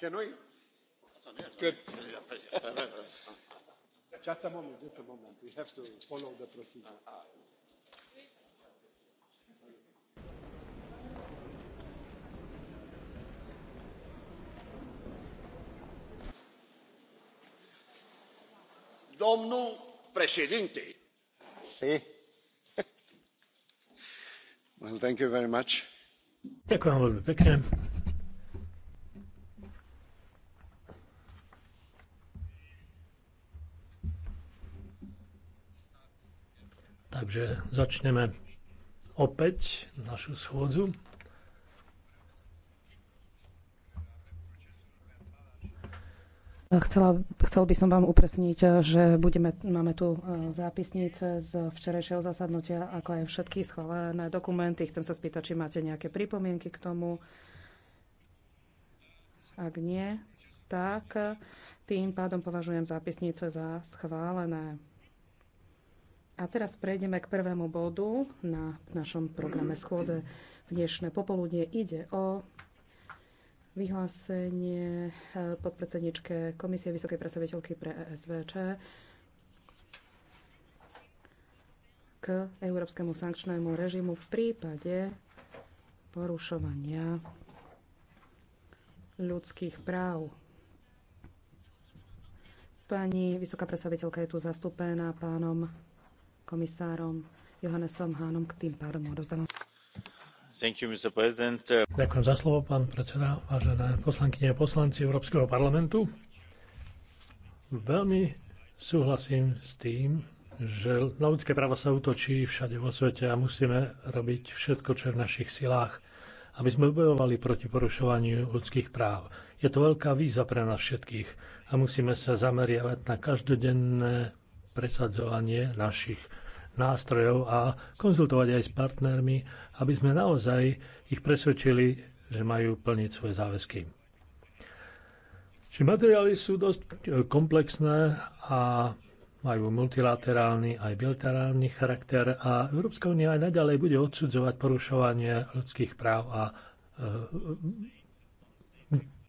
Can we? just a moment, just a moment. We have to follow the procedure. Domnul președinte. Sí. well, thank you very much. Ďakujem veľmi pekne. Takže začneme opäť našu schôdzu. Chcela, chcel by som vám upresniť, že budeme, máme tu e, zápisnice z včerajšieho zasadnutia, ako aj všetky schválené dokumenty. Chcem sa spýtať, či máte nejaké pripomienky k tomu. Ak nie, tak tým pádom považujem zápisnice za schválené. A teraz prejdeme k prvému bodu na našom programe schôdze dnešné popoludne. Ide o vyhlásenie eh, podpredsedničke Komisie Vysokej predstaviteľky pre ESVČ k európskemu sankčnému režimu v prípade porušovania ľudských práv. Pani vysoká predstaviteľka je tu zastúpená pánom komisárom Johannesom Hánom, k tým pádom odovzdávam. Ďakujem za slovo, pán predseda, vážené poslankyne a poslanci Európskeho parlamentu. Veľmi súhlasím s tým, že na ľudské práva sa útočí všade vo svete a musíme robiť všetko, čo je v našich silách, aby sme bojovali proti porušovaniu ľudských práv. Je to veľká víza pre nás všetkých a musíme sa zameriavať na každodenné presadzovanie našich nástrojov a konzultovať aj s partnermi, aby sme naozaj ich presvedčili, že majú plniť svoje záväzky. Či materiály sú dosť e, komplexné a majú multilaterálny aj bilaterálny charakter a Európska únia aj naďalej bude odsudzovať porušovanie ľudských práv a e,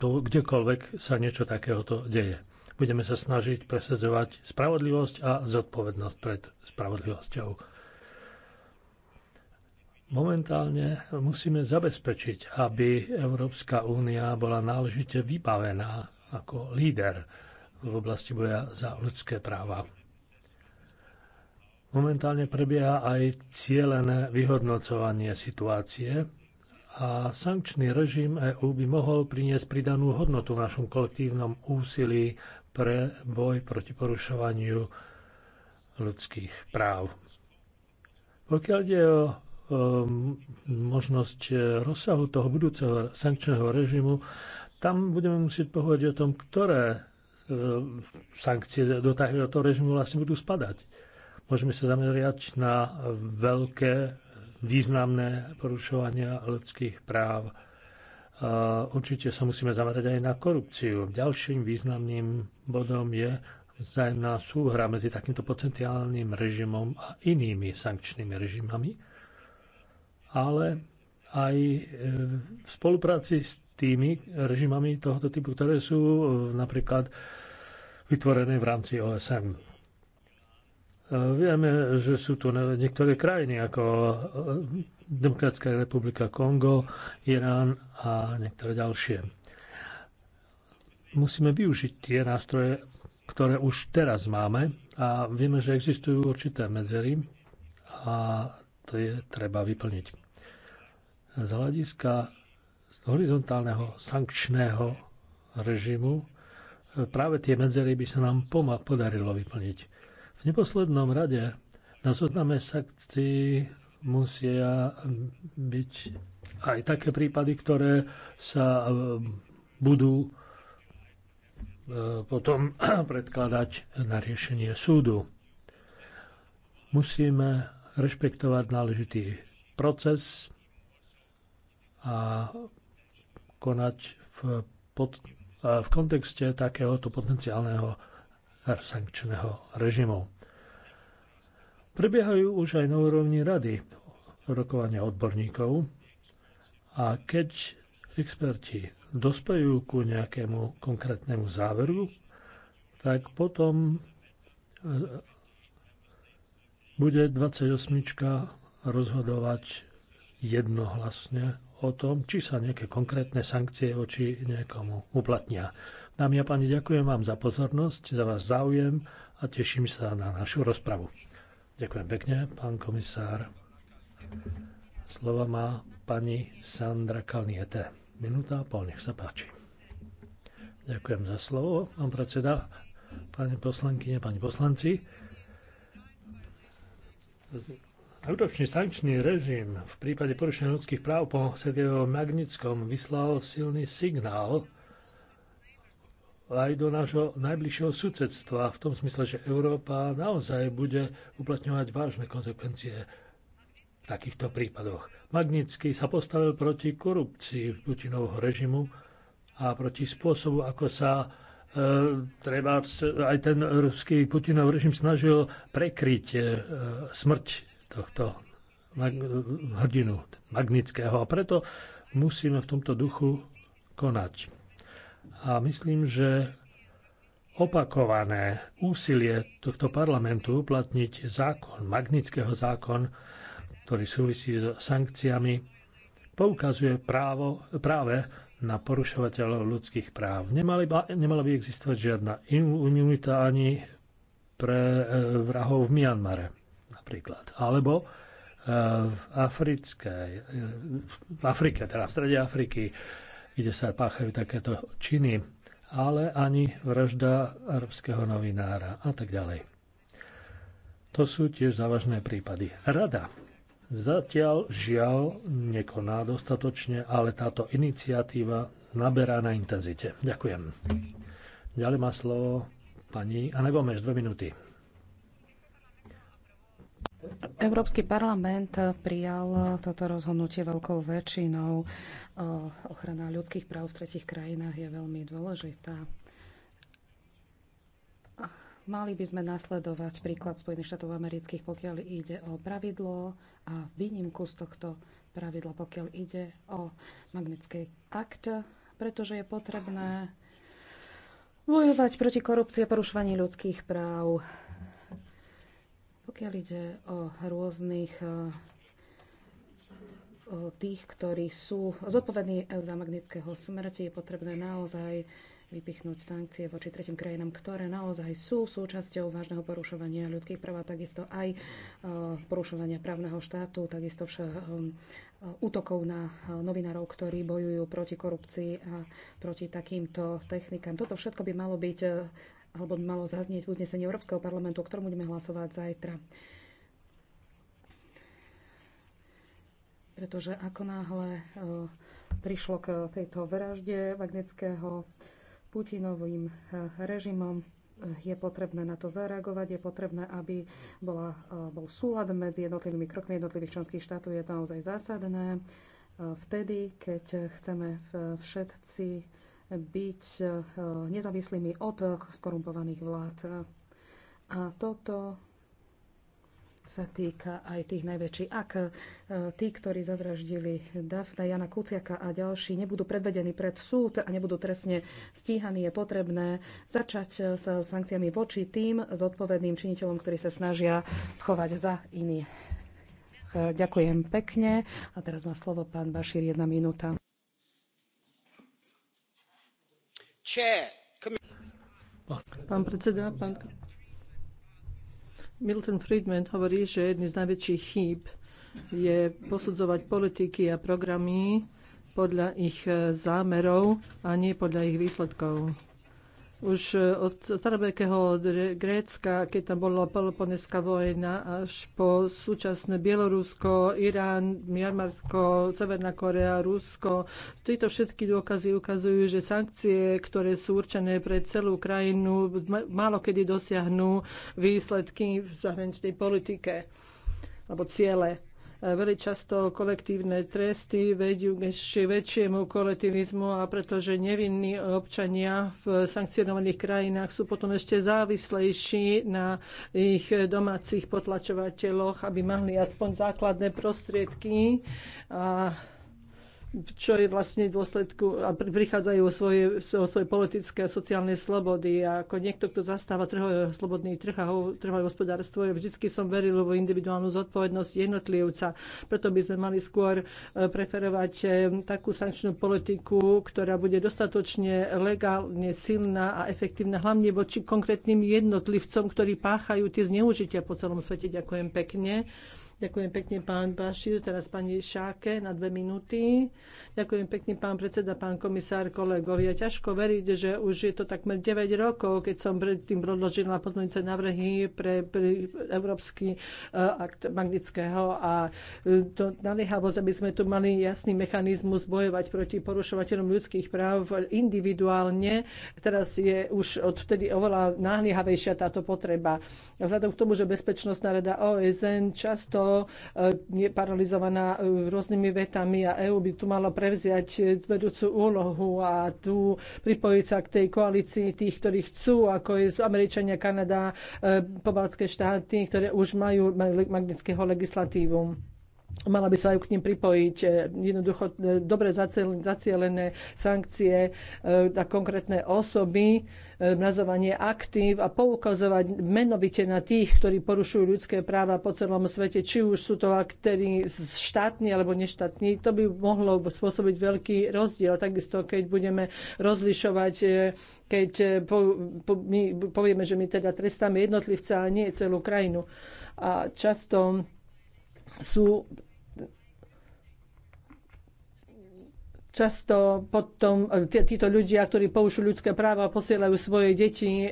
to, kdekoľvek sa niečo takéhoto deje. Budeme sa snažiť presadzovať spravodlivosť a zodpovednosť pred spravodlivosťou. Momentálne musíme zabezpečiť, aby Európska únia bola náležite vybavená ako líder v oblasti boja za ľudské práva. Momentálne prebieha aj cielené vyhodnocovanie situácie a sankčný režim EÚ by mohol priniesť pridanú hodnotu v našom kolektívnom úsilí pre boj proti porušovaniu ľudských práv. Pokiaľ ide o um, možnosť e, rozsahu toho budúceho sankčného režimu, tam budeme musieť pohovať o tom, ktoré e, sankcie do takéhoto režimu vlastne budú spadať. Môžeme sa zameriať na veľké, významné porušovania ľudských práv Určite sa musíme zamerať aj na korupciu. Ďalším významným bodom je vzájomná súhra medzi takýmto potenciálnym režimom a inými sankčnými režimami, ale aj e, v spolupráci s tými režimami tohoto typu, ktoré sú e, napríklad vytvorené v rámci OSN. Vieme, že sú tu niektoré krajiny ako e, Demokratická republika Kongo, Irán a niektoré ďalšie. Musíme využiť tie nástroje, ktoré už teraz máme a vieme, že existujú určité medzery a to je treba vyplniť. Z hľadiska horizontálneho sankčného režimu e, práve tie medzery by sa nám podarilo vyplniť neposlednom rade na zozname sankcií musia byť aj také prípady, ktoré sa eh, budú eh, potom predkladať na riešenie súdu. Musíme rešpektovať náležitý proces a konať v, pod, eh, v kontexte takéhoto potenciálneho sankčného režimu. Prebiehajú už aj na úrovni rady rokovania odborníkov a keď experti dospejú ku nejakému konkrétnemu záveru, tak potom e, bude 28. rozhodovať jednohlasne o tom, či sa nejaké konkrétne sankcie voči niekomu uplatnia. Dámy a páni, ďakujem vám za pozornosť, za váš záujem a teším sa na našu rozpravu. Ďakujem pekne, pán komisár. Slova má pani Sandra Kalniete. Minúta a pol, nech sa páči. Ďakujem za slovo, pán predseda, pani poslankyne, pani poslanci. Európsky sankčný režim v prípade porušenia ľudských práv po Sergejovom Magnickom vyslal silný signál aj do nášho najbližšieho susedstva, v tom smysle, že Európa naozaj bude uplatňovať vážne konsekvencie v takýchto prípadoch. Magnický sa postavil proti korupcii Putinovho režimu a proti spôsobu, ako sa e, treba aj ten ruský Putinov režim snažil prekryť e, smrť tohto mag, hrdinu Magnického. A preto musíme v tomto duchu konať a myslím, že opakované úsilie tohto parlamentu uplatniť zákon, magnického zákon, ktorý súvisí s sankciami, poukazuje právo, práve na porušovateľov ľudských práv. Nemala by, existovať žiadna imunita ani pre e, vrahov v Mianmare napríklad. Alebo e, v Africkej, e, v Afrike, teda v strede Afriky, kde sa páchajú takéto činy, ale ani vražda arabského novinára a tak ďalej. To sú tiež závažné prípady. Rada zatiaľ žiaľ nekoná dostatočne, ale táto iniciatíva naberá na intenzite. Ďakujem. Ďalej má slovo pani Anegomeš, dve minúty. Európsky parlament eh, prijal eh, toto rozhodnutie veľkou väčšinou. Eh, ochrana ľudských práv v tretich krajinách je veľmi dôležitá. Mali by sme nasledovať príklad Spojených štátov amerických, pokiaľ ide o pravidlo a výnimku z tohto pravidla, pokiaľ ide o magnetický akt, pretože je potrebné bojovať proti korupcii a porušovaní ľudských práv pokiaľ ide o rôznych e, o tých, ktorí sú zodpovední za magnického smrti, je potrebné naozaj vypichnúť sankcie voči tretím krajinám, ktoré naozaj sú súčasťou vážneho porušovania ľudských práv takisto aj e, porušovania právneho štátu, takisto však e, útokov na novinárov, ktorí bojujú proti korupcii a proti takýmto technikám. Toto všetko by malo byť alebo by malo zaznieť v uznesení Európskeho parlamentu, o ktorom budeme hlasovať zajtra. Pretože ako náhle e, prišlo k tejto vražde Magnického Putinovým e, režimom, e, je potrebné na to zareagovať, je potrebné, aby bola, bol súlad medzi jednotlivými krokmi jednotlivých členských štátov, je to naozaj zásadné. Vtedy, keď chceme všetci byť eh, nezávislými od skorumpovaných vlád. A toto sa týka aj tých najväčších. Ak eh, tí, ktorí zavraždili Dafna, Jana Kuciaka a ďalší, nebudú predvedení pred súd a nebudú trestne stíhaní, je potrebné začať eh, sa sankciami voči tým zodpovedným činiteľom, ktorí sa snažia schovať za iný. Ďakujem pekne. A teraz má slovo pán Bašír, jedna minúta. Pán predseda, pán... Milton Friedman hovorí, že jedný z najväčších chýb je posudzovať politiky a programy podľa ich e, zámerov a nie podľa ich výsledkov už e, od starobekého Grécka, keď tam bola Peloponeská vojna, až po súčasné Bielorusko, Irán, Miarmarsko, Severná Korea, Rusko. Tieto všetky dôkazy ukazujú, že sankcie, ktoré sú určené pre celú krajinu, málo kedy dosiahnu výsledky v zahraničnej politike alebo ciele. Veľmi často kolektívne tresty vedú k ešte väčšiemu kolektivizmu a pretože nevinní občania v sankcionovaných krajinách sú potom ešte závislejší na ich domácich potlačovateľoch, aby mali aspoň základné prostriedky a čo je vlastne dôsledku a prichádzajú o svoje, o svoje politické a sociálne slobody. A ako niekto, kto zastáva trho, slobodný trh a trhové hospodárstvo, ja vždy som veril vo individuálnu zodpovednosť jednotlivca. Preto by sme mali skôr e, preferovať e, takú sankčnú politiku, ktorá bude dostatočne legálne silná a efektívna, hlavne voči konkrétnym jednotlivcom, ktorí páchajú tie zneužitia po celom svete. Ďakujem pekne. Ďakujem pekne pán Bašir, teraz pani Šáke na dve minúty. Ďakujem pekne pán predseda, pán komisár, kolegovia. Ťažko veriť, že už je to takmer 9 rokov, keď som predtým predložila pozmeňujúce návrhy pre, pre Európsky e, akt magnického a e, to naliehavosť, aby sme tu mali jasný mechanizmus bojovať proti porušovateľom ľudských práv individuálne. Teraz je už odvtedy oveľa náliehavejšia táto potreba. Vzhľadom k tomu, že Bezpečnostná rada OSN často E, je paralizovaná e, rôznymi vetami a EÚ by tu malo prevziať vedúcu úlohu a tu pripojiť sa k tej koalícii tých, ktorí chcú, ako je Američania, Kanada, e, pobaltské štáty, ktoré už majú magnického legislatívu mala by sa aj k ním pripojiť e, jednoducho e, dobre zacielené sankcie e, na konkrétne osoby, mrazovanie aktív a poukazovať menovite na tých, ktorí porušujú ľudské práva po celom svete, či už sú to aktéry štátni alebo neštátni. To by mohlo spôsobiť veľký rozdiel. Takisto, keď budeme rozlišovať, keď my povieme, že my teda trestáme jednotlivca a nie celú krajinu. A často sú často potom e, títo ľudia, ktorí poušujú ľudské práva, posielajú svoje deti e,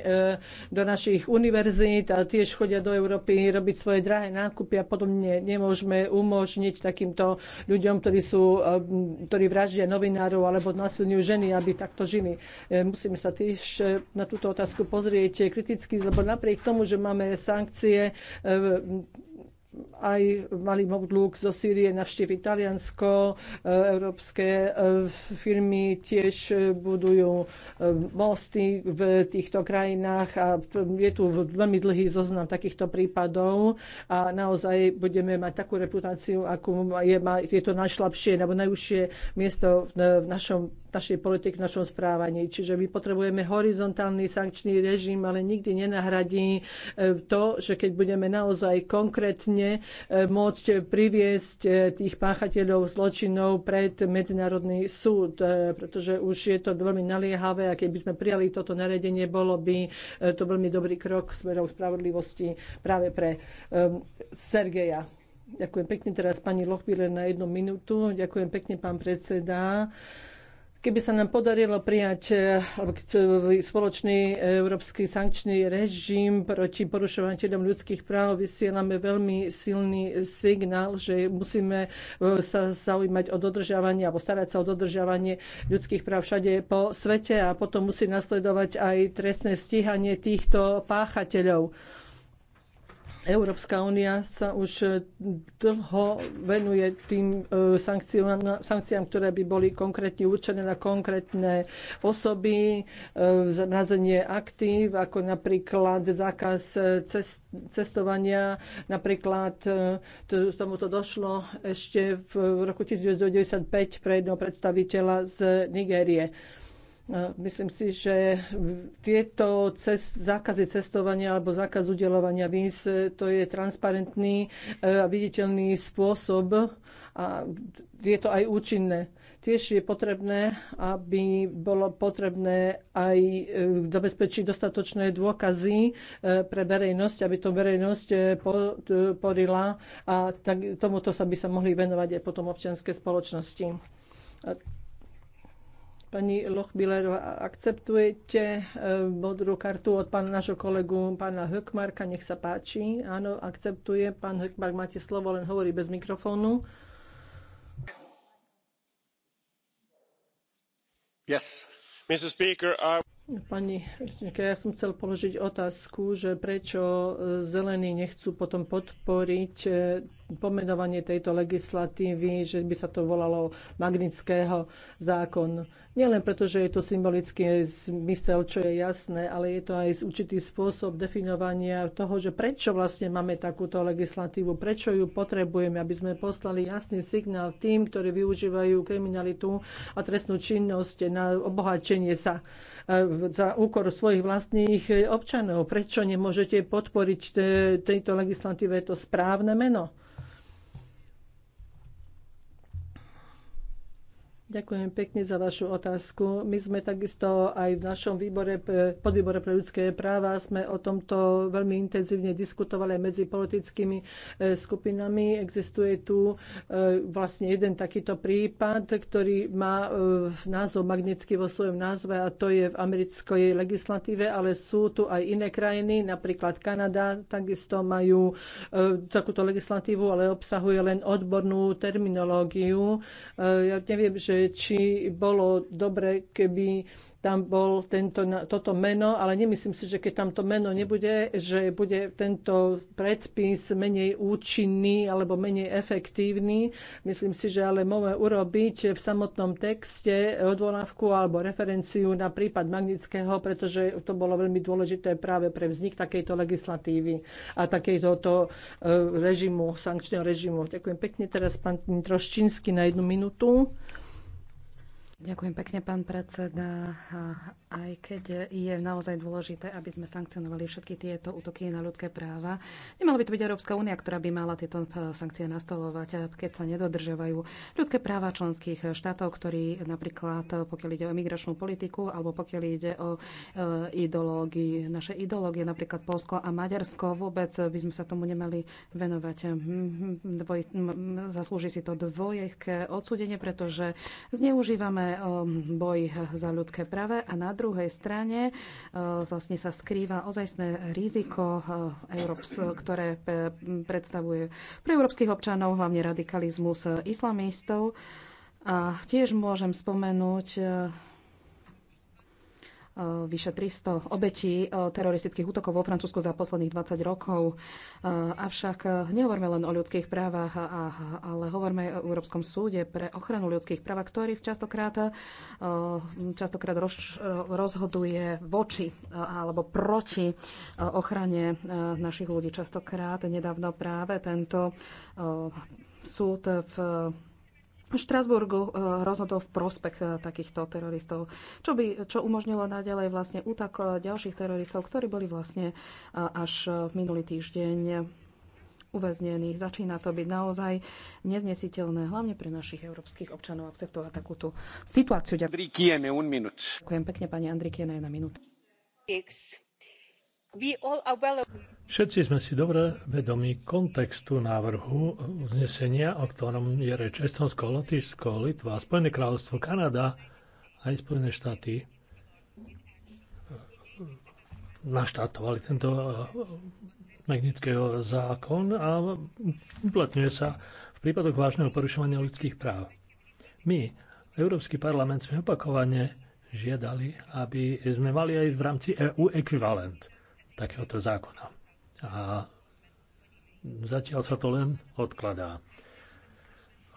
do našich univerzít a tiež chodia do Európy robiť svoje drahé nákupy a podobne. Nemôžeme umožniť takýmto ľuďom, ktorí, sú, e, ktorí vraždia novinárov alebo násilňujú ženy, aby takto žili. Musíme sa tiež na túto otázku pozrieť kriticky, lebo napriek tomu, že máme sankcie, aj mali modlúk zo Sýrie navštíviť Taliansko. E, Európske e, firmy tiež e, budujú mosty v týchto krajinách a je tu veľmi dlhý zoznam takýchto prípadov a naozaj budeme mať takú reputáciu, akú je, je to najšlabšie alebo najúžšie miesto v našom našej politiky, v našom správaní. Čiže my potrebujeme horizontálny sankčný režim, ale nikdy nenahradí e, to, že keď budeme naozaj konkrétne e, môcť priviesť e, tých páchateľov zločinov pred Medzinárodný súd, pretože už je to veľmi naliehavé a keby sme prijali toto naredenie, bolo by to veľmi dobrý krok smerom spravodlivosti práve pre Sergeja. Ďakujem pekne teraz pani Lochbíler na jednu minútu. Ďakujem pekne pán predseda. Keby sa nám podarilo prijať eh, eh, spoločný európsky sankčný režim proti porušovateľom teda ľudských práv, vysielame veľmi silný signál, že musíme eh, sa zaujímať o dodržiavanie alebo starať sa o dodržiavanie ľudských práv všade po svete a potom musí nasledovať aj trestné stíhanie týchto páchateľov. Európska únia sa už e, dlho venuje tým e, sankciám, ktoré by boli konkrétne určené na konkrétne osoby, e, zmrazenie aktív, ako napríklad zákaz cestovania. Napríklad to, tomuto došlo ešte v roku 1995 pre jedného predstaviteľa z Nigérie. Myslím si, že tieto cest, zákazy cestovania alebo zákaz udelovania víz, e, to je transparentný e, a viditeľný spôsob a je to aj účinné. Tiež je potrebné, aby bolo potrebné aj e, zabezpečiť dostatočné dôkazy pre verejnosť, aby to verejnosť podporila a tak, tomuto sa by sa mohli venovať aj potom občianske spoločnosti. Pani Lochbillerová, akceptujete eh, modrú kartu od pána nášho kolegu, pána Hökmarka, nech sa páči. Áno, akceptuje. Pán Hökmark, máte slovo, len hovorí bez mikrofónu. Yes. Mr. Speaker, I... Pani ja som chcel položiť otázku, že prečo eh, zelení nechcú potom podporiť eh, pomenovanie tejto legislatívy, že by sa to volalo Magnického zákon. Nielen preto, že je to symbolický zmysel, čo je jasné, ale je to aj určitý spôsob definovania toho, že prečo vlastne máme takúto legislatívu, prečo ju potrebujeme, aby sme poslali jasný signál tým, ktorí využívajú kriminalitu a trestnú činnosť na obohačenie sa e, za úkor svojich vlastných občanov. Prečo nemôžete podporiť tejto legislatíve to správne meno? Ďakujem pekne za vašu otázku. My sme takisto aj v našom výbore, podvýbore pre ľudské práva sme o tomto veľmi intenzívne diskutovali medzi politickými e, skupinami. Existuje tu e, vlastne jeden takýto prípad, ktorý má e, názov magnetický vo svojom názve a to je v americkej legislatíve, ale sú tu aj iné krajiny, napríklad Kanada, takisto majú takúto legislatívu, ale obsahuje len odbornú terminológiu. Ja neviem, že že či bolo dobre, keby tam bol tento, toto meno, ale nemyslím si, že keď tam to meno nebude, že bude tento predpis menej účinný alebo menej efektívny. Myslím si, že ale môžeme urobiť v samotnom texte odvolávku alebo referenciu na prípad Magnického, pretože to bolo veľmi dôležité práve pre vznik takejto legislatívy a takejto e, režimu, sankčného režimu. Ďakujem pekne. Teraz pán Troščínsky na jednu minútu. Ďakujem pekne, pán predseda aj keď je naozaj dôležité, aby sme sankcionovali všetky tieto útoky na ľudské práva, nemala by to byť Európska únia, ktorá by mala tieto eh, sankcie nastolovať, eh, keď sa nedodržiavajú ľudské práva členských eh, štátov, ktorí napríklad, pokiaľ ide o migračnú politiku alebo pokiaľ ide o ideológii, naše ideológie, napríklad Polsko a Maďarsko, vôbec by sme sa tomu nemali venovať. Hm, hm, dvoj, hm, zaslúži si to dvojek odsúdenie, pretože zneužívame boj za ľudské práva a na druhej strane e, vlastne sa skrýva ozajstné riziko, e, ktoré e, predstavuje pre európskych občanov hlavne radikalizmus islamistov. A tiež môžem spomenúť Eh, vyše 300 obetí eh, teroristických útokov vo Francúzsku za posledných 20 rokov. Eh, avšak nehovorme len o ľudských právach, ale hovorme o Európskom súde pre ochranu ľudských práv, ktorý častokrát, častokrát rozhoduje voči alebo proti ochrane našich ľudí. Častokrát nedávno práve tento súd v Štrasburg eh, rozhodol v prospech eh, takýchto teroristov, čo, by, čo umožnilo naďalej vlastne útak eh, ďalších teroristov, ktorí boli vlastne až minulý týždeň uväznení. Začína to byť naozaj neznesiteľné, hlavne pre našich európskych občanov akceptovať takúto situáciu. Ďakujem. pekne, pani Andrikiene, na minútu. Všetci sme si dobre vedomi kontextu návrhu uznesenia, o ktorom je reč Estonsko, Lotyšsko, Litva, Spojené kráľovstvo, Kanada aj Spojené štáty e, Naštátovali tento e, magnického zákon a uplatňuje sa v prípadoch vážneho porušovania ľudských práv. My, Európsky parlament, sme opakovane žiadali, aby sme mali aj v rámci EU ekvivalent takéhoto zákona. A zatiaľ sa to len odkladá.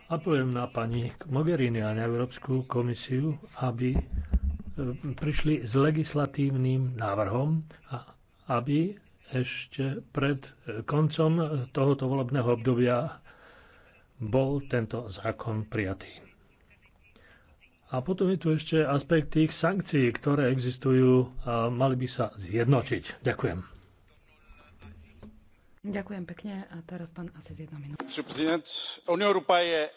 Apelujem na pani Mogherini a na Európsku komisiu, aby e, prišli s legislatívnym návrhom a aby ešte pred e, koncom tohoto volebného obdobia bol tento zákon prijatý. A potom je tu ešte aspekt tých sankcií, ktoré existujú a mali by sa zjednotiť. Ďakujem. Ďakujem pekne. A teraz pán asi z jedna minúta. Prezident, Unia Európa je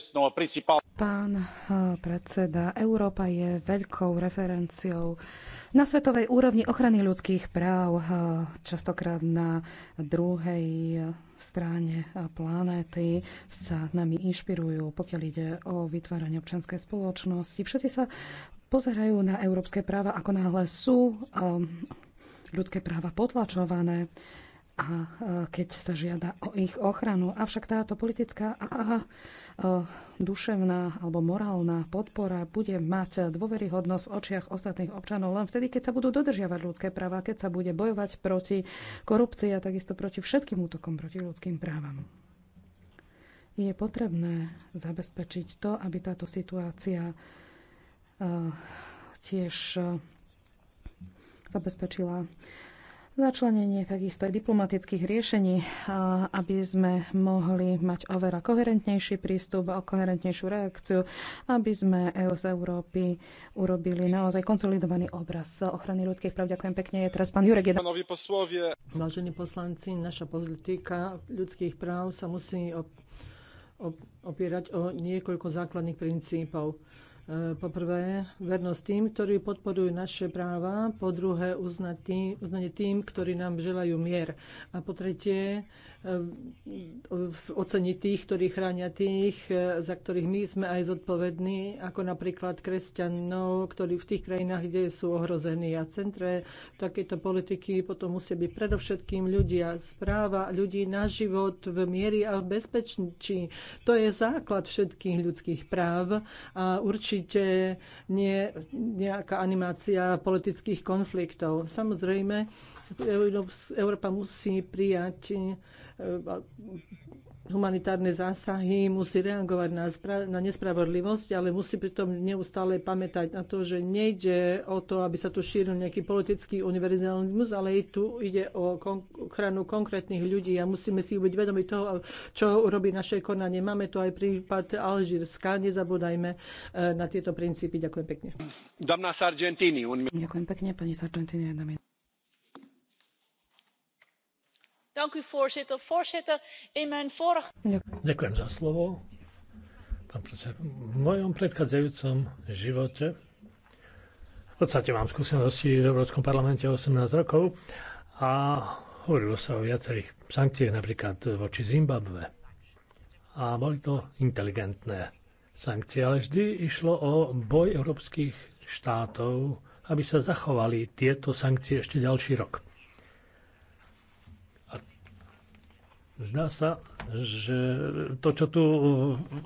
s Pán eh, predseda, Európa je veľkou referenciou na svetovej úrovni ochrany ľudských práv, eh, častokrát na druhej eh, strane planéty sa nami inšpirujú, pokiaľ ide o vytváranie občanskej spoločnosti. Všetci sa pozerajú na európske práva, ako náhle sú um, ľudské práva potlačované a keď sa žiada o ich ochranu. Avšak táto politická a, a, a duševná alebo morálna podpora bude mať dôveryhodnosť v očiach ostatných občanov len vtedy, keď sa budú dodržiavať ľudské práva, keď sa bude bojovať proti korupcii a takisto proti všetkým útokom proti ľudským právam. Je potrebné zabezpečiť to, aby táto situácia e, tiež e, zabezpečila Začlenenie takisto aj diplomatických riešení, aby sme mohli mať oveľa koherentnejší prístup a koherentnejšiu reakciu, aby sme EU z Európy urobili naozaj konsolidovaný obraz ochrany ľudských práv. Ďakujem pekne. Je teraz pán Jurek. Jeden... Vážení poslanci, naša politika ľudských práv sa musí opierať o niekoľko základných princípov E, poprvé vernosť tým, ktorí podporujú naše práva, po druhé uznať tým, uznanie tým, ktorí nám želajú mier a po tretie oceniť tých, ktorí chránia tých, e, za ktorých my sme aj zodpovední, ako napríklad kresťanov, ktorí v tých krajinách, kde sú ohrození. A centre takéto politiky potom musia byť predovšetkým ľudia. Správa ľudí na život v miery a v bezpečí. To je základ všetkých ľudských práv a určite nie nejaká animácia politických konfliktov. Samozrejme, Európa musí prijať E, humanitárne zásahy, musí reagovať na, na nespravodlivosť, ale musí pritom neustále pamätať na to, že nejde o to, aby sa tu šíril nejaký politický univerzalizmus, ale tu ide o kon- ochranu konkrétnych ľudí a musíme si byť vedomi toho, čo urobí naše konanie. Máme tu aj prípad Alžírska, nezabúdajme e, na tieto princípy. Ďakujem pekne. Ďakujem pekne, pani Sargentini. Ďakujem za slovo. Pán predseda, v mojom predchádzajúcom živote v podstate mám skúsenosti v Európskom parlamente 18 rokov a hovorilo sa o viacerých sankciách, napríklad voči Zimbabve. A boli to inteligentné sankcie, ale vždy išlo o boj európskych štátov, aby sa zachovali tieto sankcie ešte ďalší rok. Zdá sa, že to, čo tu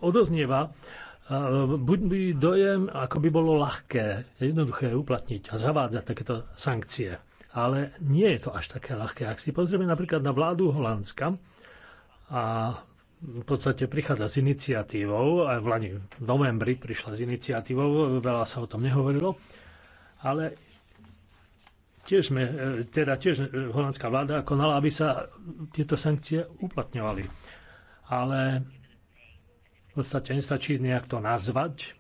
odoznieva, buď by dojem, ako by bolo ľahké, jednoduché uplatniť a zavádzať takéto sankcie. Ale nie je to až také ľahké. Ak si pozrieme napríklad na vládu Holandska a v podstate prichádza s iniciatívou, aj v Lani v novembri prišla s iniciatívou, veľa sa o tom nehovorilo, ale Tiež, sme, e, teda tiež e, holandská vláda konala, aby sa tieto sankcie uplatňovali. Ale v podstate nestačí nejak to nazvať,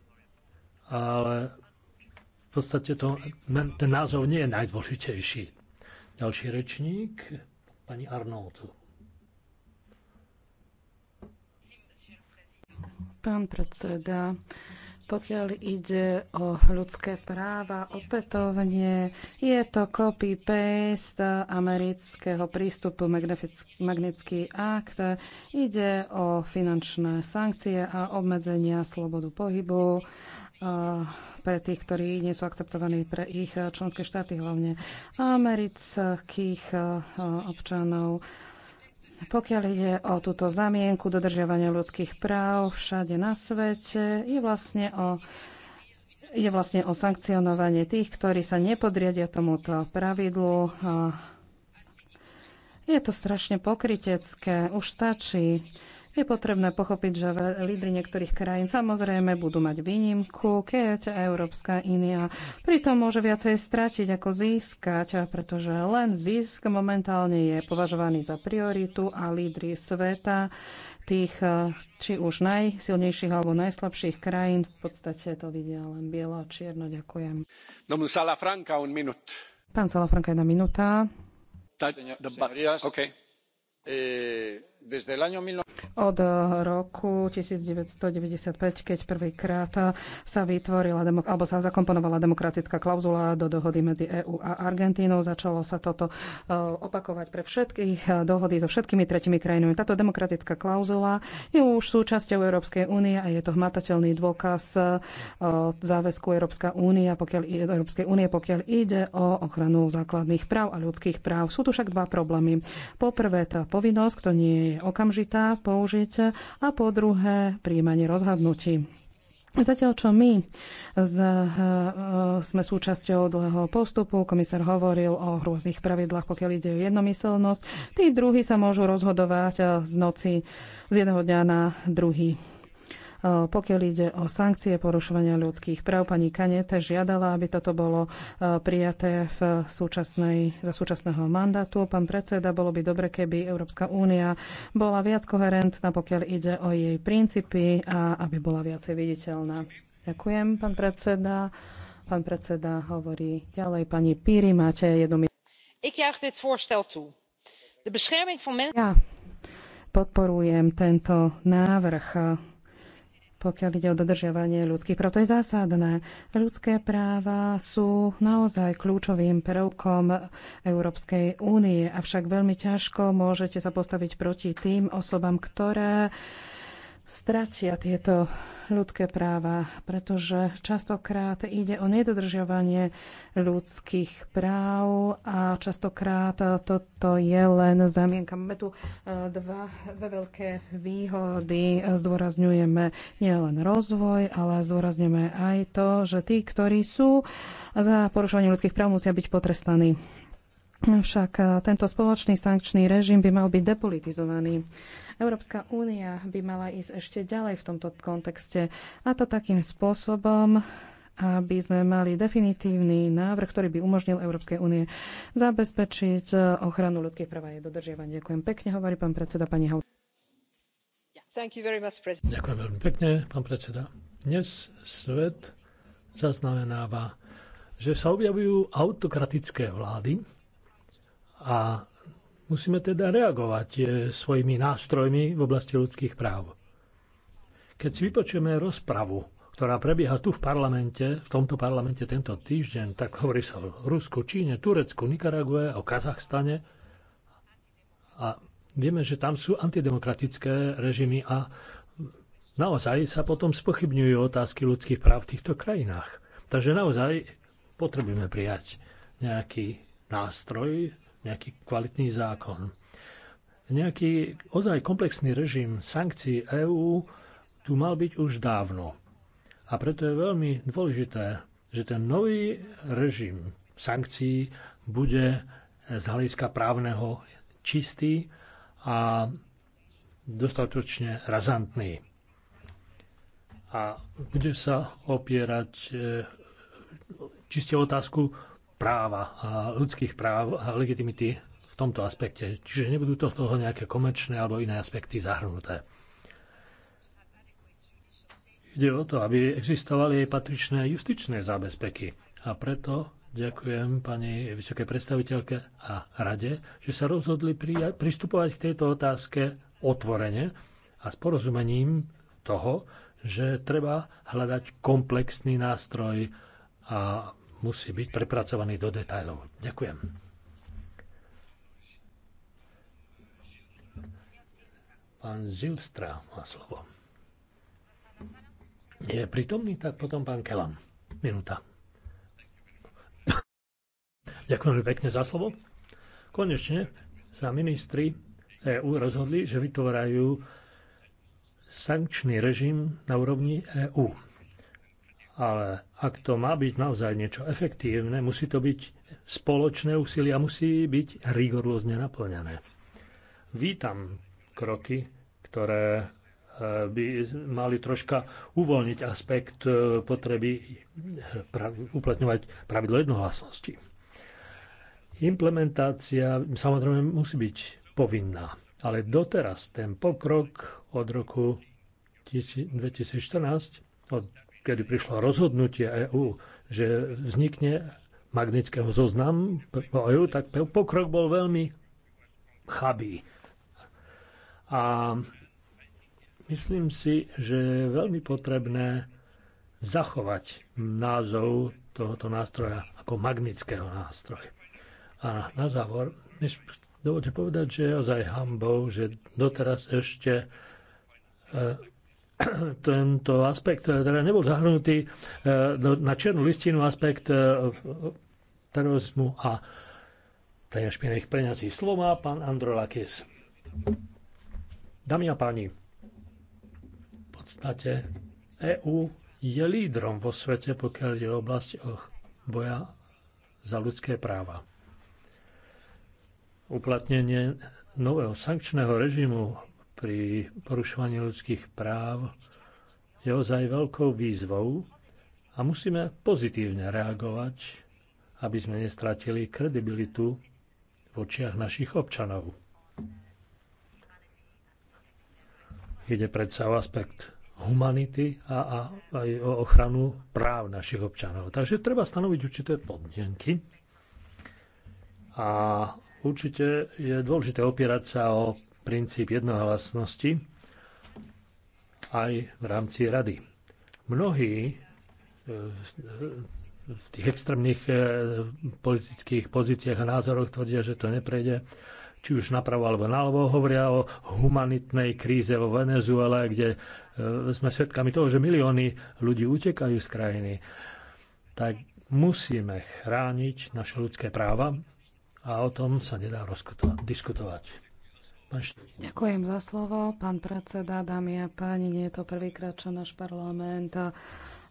ale v podstate to, ten názov nie je najdôležitejší. Ďalší rečník, pani Arnoldu. Pán predseda, pokiaľ ide o ľudské práva, opätovne je to copy-paste amerického prístupu Magnitsky Act, Ide o finančné sankcie a obmedzenia slobodu pohybu pre tých, ktorí nie sú akceptovaní pre ich členské štáty, hlavne amerických občanov pokiaľ ide o túto zamienku dodržiavania ľudských práv všade na svete, je vlastne o je vlastne o sankcionovanie tých, ktorí sa nepodriadia tomuto pravidlu. Je to strašne pokrytecké. Už stačí. Je potrebné pochopiť, že lídry niektorých krajín samozrejme budú mať výnimku, keď Európska inia pritom môže viacej stratiť ako získať, pretože len zisk momentálne je považovaný za prioritu a lídry sveta tých eh, či už najsilnejších alebo najslabších krajín. V podstate to vidia len bielo a čierno. Ďakujem. Salafranca, un minút. Pán Salafranca, jedna minúta. Eh, No- Od eh, roku 1995, keď prvýkrát sa vytvorila alebo sa zakomponovala demokratická klauzula do dohody medzi EÚ a Argentínou, začalo sa toto eh, opakovať pre všetkých eh, dohody so všetkými tretimi krajinami. Táto demokratická klauzula je už súčasťou Európskej únie a je to hmatateľný dôkaz záväzku Európska únia, pokiaľ, Európskej únie, pokiaľ ide o ochranu základných práv a ľudských práv. Sú tu však dva problémy. Poprvé, tá povinnosť, to nie je je okamžitá použiť a po druhé príjmanie rozhodnutí. Zatiaľ, čo my z, eh, eh, sme súčasťou dlhého postupu, komisár hovoril o rôznych pravidlách, pokiaľ ide o jednomyselnosť, tí druhí sa môžu rozhodovať eh, z noci, z jedného dňa na druhý pokiaľ ide o sankcie porušovania ľudských práv, pani Kanete žiadala, aby toto bolo prijaté v súčasnej, za súčasného mandátu. Pán predseda, bolo by dobre, keby Európska únia bola viac koherentná, pokiaľ ide o jej princípy a aby bola viacej viditeľná. Ďakujem, pán predseda. Pán predseda hovorí ďalej. Pani Píri, máte jednu minútu. Ja podporujem tento návrh pokiaľ ide o dodržiavanie ľudských práv. To je zásadné. Ľudské práva sú naozaj kľúčovým prvkom Európskej únie, avšak veľmi ťažko môžete sa postaviť proti tým osobám, ktoré stratia tieto ľudské práva, pretože častokrát ide o nedodržiavanie ľudských práv a častokrát toto je len zamienka. Máme tu e, dva, dve veľké výhody. Zdôrazňujeme nielen rozvoj, ale zdôrazňujeme aj to, že tí, ktorí sú za porušovanie ľudských práv, musia byť potrestaní. Však e, tento spoločný sankčný režim by mal byť depolitizovaný Európska únia by mala ísť ešte ďalej v tomto kontexte a to takým spôsobom, aby sme mali definitívny návrh, ktorý by umožnil Európskej únie zabezpečiť ochranu ľudských práv a jej dodržiavanie. Ďakujem pekne, hovorí pán predseda pani Hau. Ďakujem veľmi pekne, pán predseda. Dnes svet zaznamenáva, že sa objavujú autokratické vlády a Musíme teda reagovať eh, svojimi nástrojmi v oblasti ľudských práv. Keď si vypočujeme rozpravu, ktorá prebieha tu v parlamente, v tomto parlamente tento týždeň, tak hovorí sa o Rusku, Číne, Turecku, Nikarague, o Kazachstane. A vieme, že tam sú antidemokratické režimy a naozaj sa potom spochybňujú otázky ľudských práv v týchto krajinách. Takže naozaj potrebujeme prijať nejaký nástroj, nejaký kvalitný zákon. Nejaký ozaj komplexný režim sankcií EÚ tu mal byť už dávno. A preto je veľmi dôležité, že ten nový režim sankcií bude z hľadiska právneho čistý a dostatočne razantný. A bude sa opierať e, čiste otázku práva a ľudských práv a legitimity v tomto aspekte. Čiže nebudú to toho nejaké komerčné alebo iné aspekty zahrnuté. Ide o to, aby existovali aj patričné justičné zábezpeky. A preto ďakujem pani vysokej predstaviteľke a rade, že sa rozhodli pristupovať k tejto otázke otvorene a s porozumením toho, že treba hľadať komplexný nástroj a musí byť prepracovaný do detajlov. Ďakujem. Pán Zilstra má slovo. Nie je prítomný, tak potom pán Kelam. Minúta. Ďakujem pekne za slovo. Konečne sa ministri EU rozhodli, že vytvorajú sankčný režim na úrovni EU. Ale ak to má byť naozaj niečo efektívne, musí to byť spoločné úsilie a musí byť rigorózne naplňané. Vítam kroky, ktoré e, by mali troška uvoľniť aspekt e, potreby e, uplatňovať pravidlo jednohlasnosti. Implementácia samozrejme musí byť povinná, ale doteraz ten pokrok od roku 2014, od kedy prišlo rozhodnutie EÚ, že vznikne magnického zoznam EÚ, tak pokrok bol veľmi chabý. A myslím si, že je veľmi potrebné zachovať názov tohoto nástroja ako magnického nástroja. A na závor, dovolte povedať, že je ozaj hambou, že doteraz ešte e, tento aspekt, e, teda nebol zahrnutý e, na černú listinu aspekt e, terorizmu a pre špinavých peňazí. Slovo má pán Androlakis. Dámy a páni, v podstate EU je lídrom vo svete, pokiaľ je oblasť boja za ľudské práva. Uplatnenie nového sankčného režimu pri porušovaní ľudských práv je ozaj veľkou výzvou a musíme pozitívne reagovať, aby sme nestratili kredibilitu v očiach našich občanov. Ide predsa o aspekt humanity a, a aj o ochranu práv našich občanov. Takže treba stanoviť určité podmienky a určite je dôležité opierať sa o princíp jednohlasnosti aj v rámci rady. Mnohí v e, tých extrémnych e, politických pozíciách a názoroch tvrdia, že to neprejde či už napravo alebo nalovo. hovoria o humanitnej kríze vo Venezuele, kde e, sme svedkami toho, že milióny ľudí utekajú z krajiny. Tak musíme chrániť naše ľudské práva a o tom sa nedá diskutovať. Ďakujem za slovo, pán predseda, dámy a páni. Nie je to prvýkrát, čo náš parlament eh,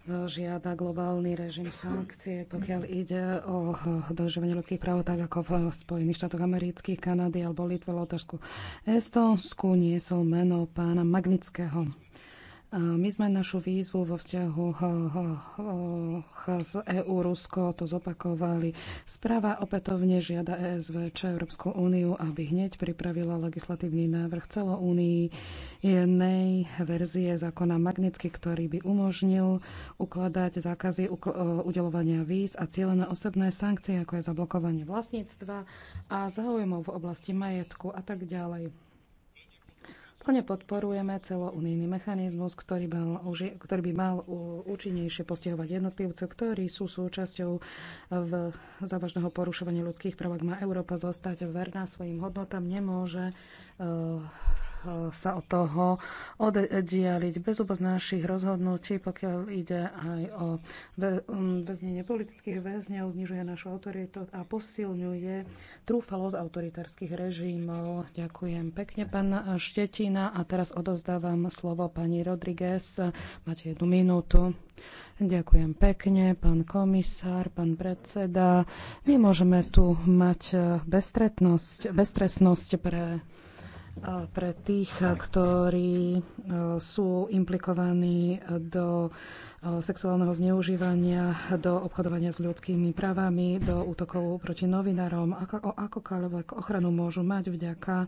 žiada globálny režim sankcie, pokiaľ ide o eh, dodržovanie ľudských práv, tak ako v Spojených štátoch amerických, Kanady alebo Litve, Lotarsku. Estonsku nie som meno pána Magnického. My sme našu výzvu vo vzťahu z EU Rusko to zopakovali. Správa opätovne žiada ESV či Európsku úniu, aby hneď pripravila legislatívny návrh celoúnii jednej verzie zákona Magnitsky, ktorý by umožnil ukladať zákazy e, udelovania víz a cieľené osobné sankcie, ako je zablokovanie vlastníctva a záujmov v oblasti majetku a tak ďalej. Plne podporujeme celounijný mechanizmus, ktorý, mal, ktorý by mal účinnejšie postihovať jednotlivcov, ktorí sú súčasťou v závažného porušovania ľudských práv. Ak má Európa zostať verná svojim hodnotám, nemôže eh, sa od toho oddialiť bez úbaz našich rozhodnutí, pokiaľ ide aj o väznenie politických väzňov, znižuje našu autoritu a posilňuje trúfalosť autoritárskych režimov. Ďakujem pekne, pán Štetina. A teraz odovzdávam slovo pani Rodriguez. Máte jednu minútu. Ďakujem pekne, pán komisár, pán predseda. My môžeme tu mať bezstretnosť, pre pre tých, ktorí e, sú implikovaní do e, sexuálneho zneužívania, do obchodovania s ľudskými právami, do útokov proti novinárom, ako, akokoľvek ochranu môžu mať vďaka e,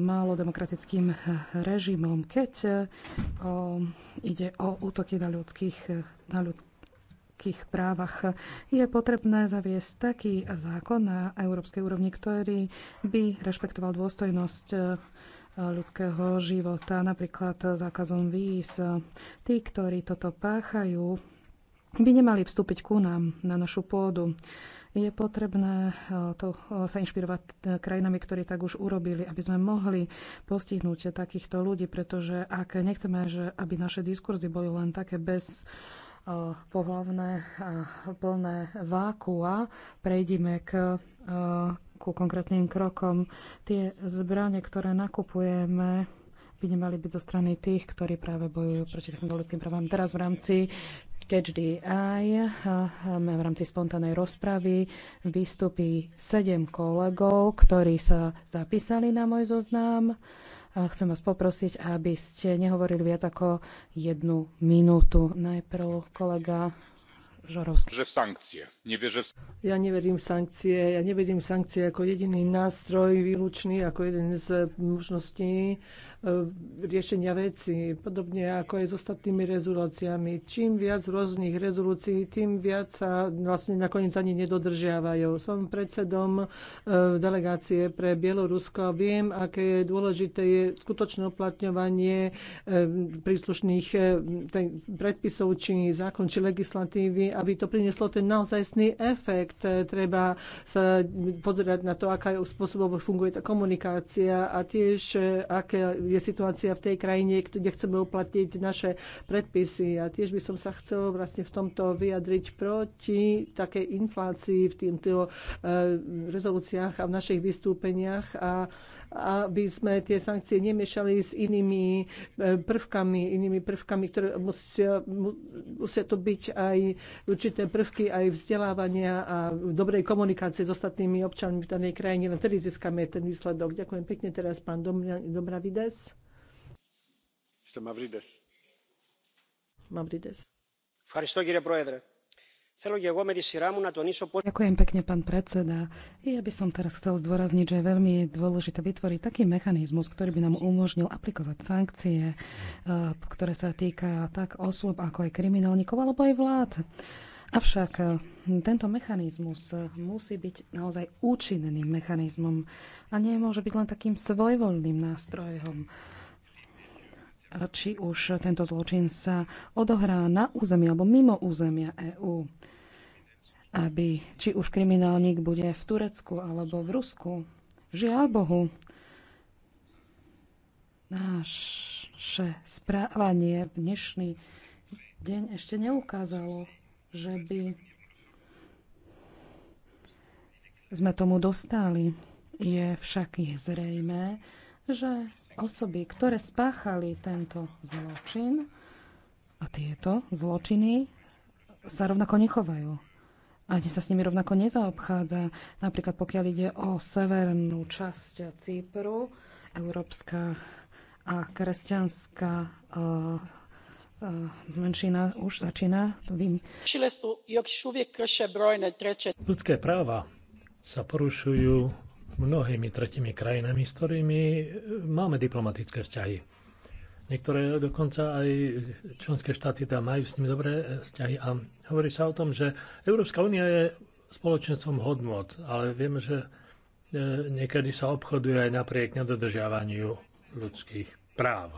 málo demokratickým režimom, keď ide o útoky na, ľudských, na ľudských ľudských právach. Je potrebné zaviesť taký zákon na európskej úrovni, ktorý by rešpektoval dôstojnosť eh, ľudského života, napríklad zákazom víz. Tí, ktorí toto páchajú, by nemali vstúpiť ku nám na našu pôdu. Je potrebné eh, to, eh, sa inšpirovať krajinami, ktorí tak už urobili, aby sme mohli postihnúť takýchto ľudí, pretože ak nechceme, že aby naše diskurzy boli len také bez pohlavné a plné vákua. Prejdime k, ku konkrétnym krokom. Tie zbranie, ktoré nakupujeme, by nemali byť zo strany tých, ktorí práve bojujú proti technologickým ľudským právam. Teraz v rámci HDI v rámci spontánej rozpravy vystupí sedem kolegov, ktorí sa zapísali na môj zoznam. Chcem vás poprosiť, aby ste nehovorili viac ako jednu minútu. Najprv kolega Žorovský. Že v sankcie. Nevieže v... Ja neverím v sankcie. Ja neverím v sankcie ako jediný nástroj výlučný, ako jeden z možností E, riešenia veci, podobne ako aj s ostatnými rezolúciami. Čím viac rôznych rezolúcií, tým viac sa vlastne nakoniec ani nedodržiavajú. Som predsedom e, delegácie pre Bielorusko a viem, aké je dôležité je skutočné uplatňovanie e, príslušných predpisov či zákon či legislatívy, aby to prinieslo ten naozajstný efekt. Treba sa pozerať na to, aká je spôsobom funguje tá komunikácia a tiež aké je je situácia v tej krajine, kde chceme uplatniť naše predpisy. A tiež by som sa chcel vlastne v tomto vyjadriť proti takej inflácii v týchto eh, rezolúciách a v našich vystúpeniach a aby sme tie sankcie nemiešali s inými e, prvkami, inými prvkami, ktoré musia, musia to byť aj určité prvky aj vzdelávania a dobrej komunikácie s ostatnými občanmi v danej krajine. Len vtedy získame ten výsledok. Ďakujem pekne teraz pán Dobravides. Mavrides. Mavrides. Farištogire κύριε Ďakujem pekne, pán predseda. Ja by som teraz chcel zdôrazniť, že je veľmi dôležité vytvoriť taký mechanizmus, ktorý by nám umožnil aplikovať sankcie, eh, ktoré sa týka tak osôb, ako aj kriminálnikov, alebo aj vlád. Avšak eh, tento mechanizmus eh, musí byť naozaj účinným mechanizmom a nemôže byť len takým svojvoľným nástrojom či už tento zločin sa odohrá na území alebo mimo územia EÚ. Aby či už kriminálnik bude v Turecku alebo v Rusku. Žiaľ Bohu, naše správanie v dnešný deň ešte neukázalo, že by sme tomu dostali. Je však zrejme, zrejmé, že osoby, ktoré spáchali tento zločin a tieto zločiny sa rovnako nechovajú. Ani sa s nimi rovnako nezaobchádza. Napríklad pokiaľ ide o severnú časť Cypru, európska a kresťanská uh, menšina už začína. Ľudské práva sa porušujú mnohými tretimi krajinami, s ktorými e, máme diplomatické vzťahy. Niektoré dokonca aj členské štáty tam majú s nimi dobré e, vzťahy a hovorí sa o tom, že Európska únia je spoločenstvom hodnot, ale vieme, že e, niekedy sa obchoduje aj napriek nedodržiavaniu ľudských práv.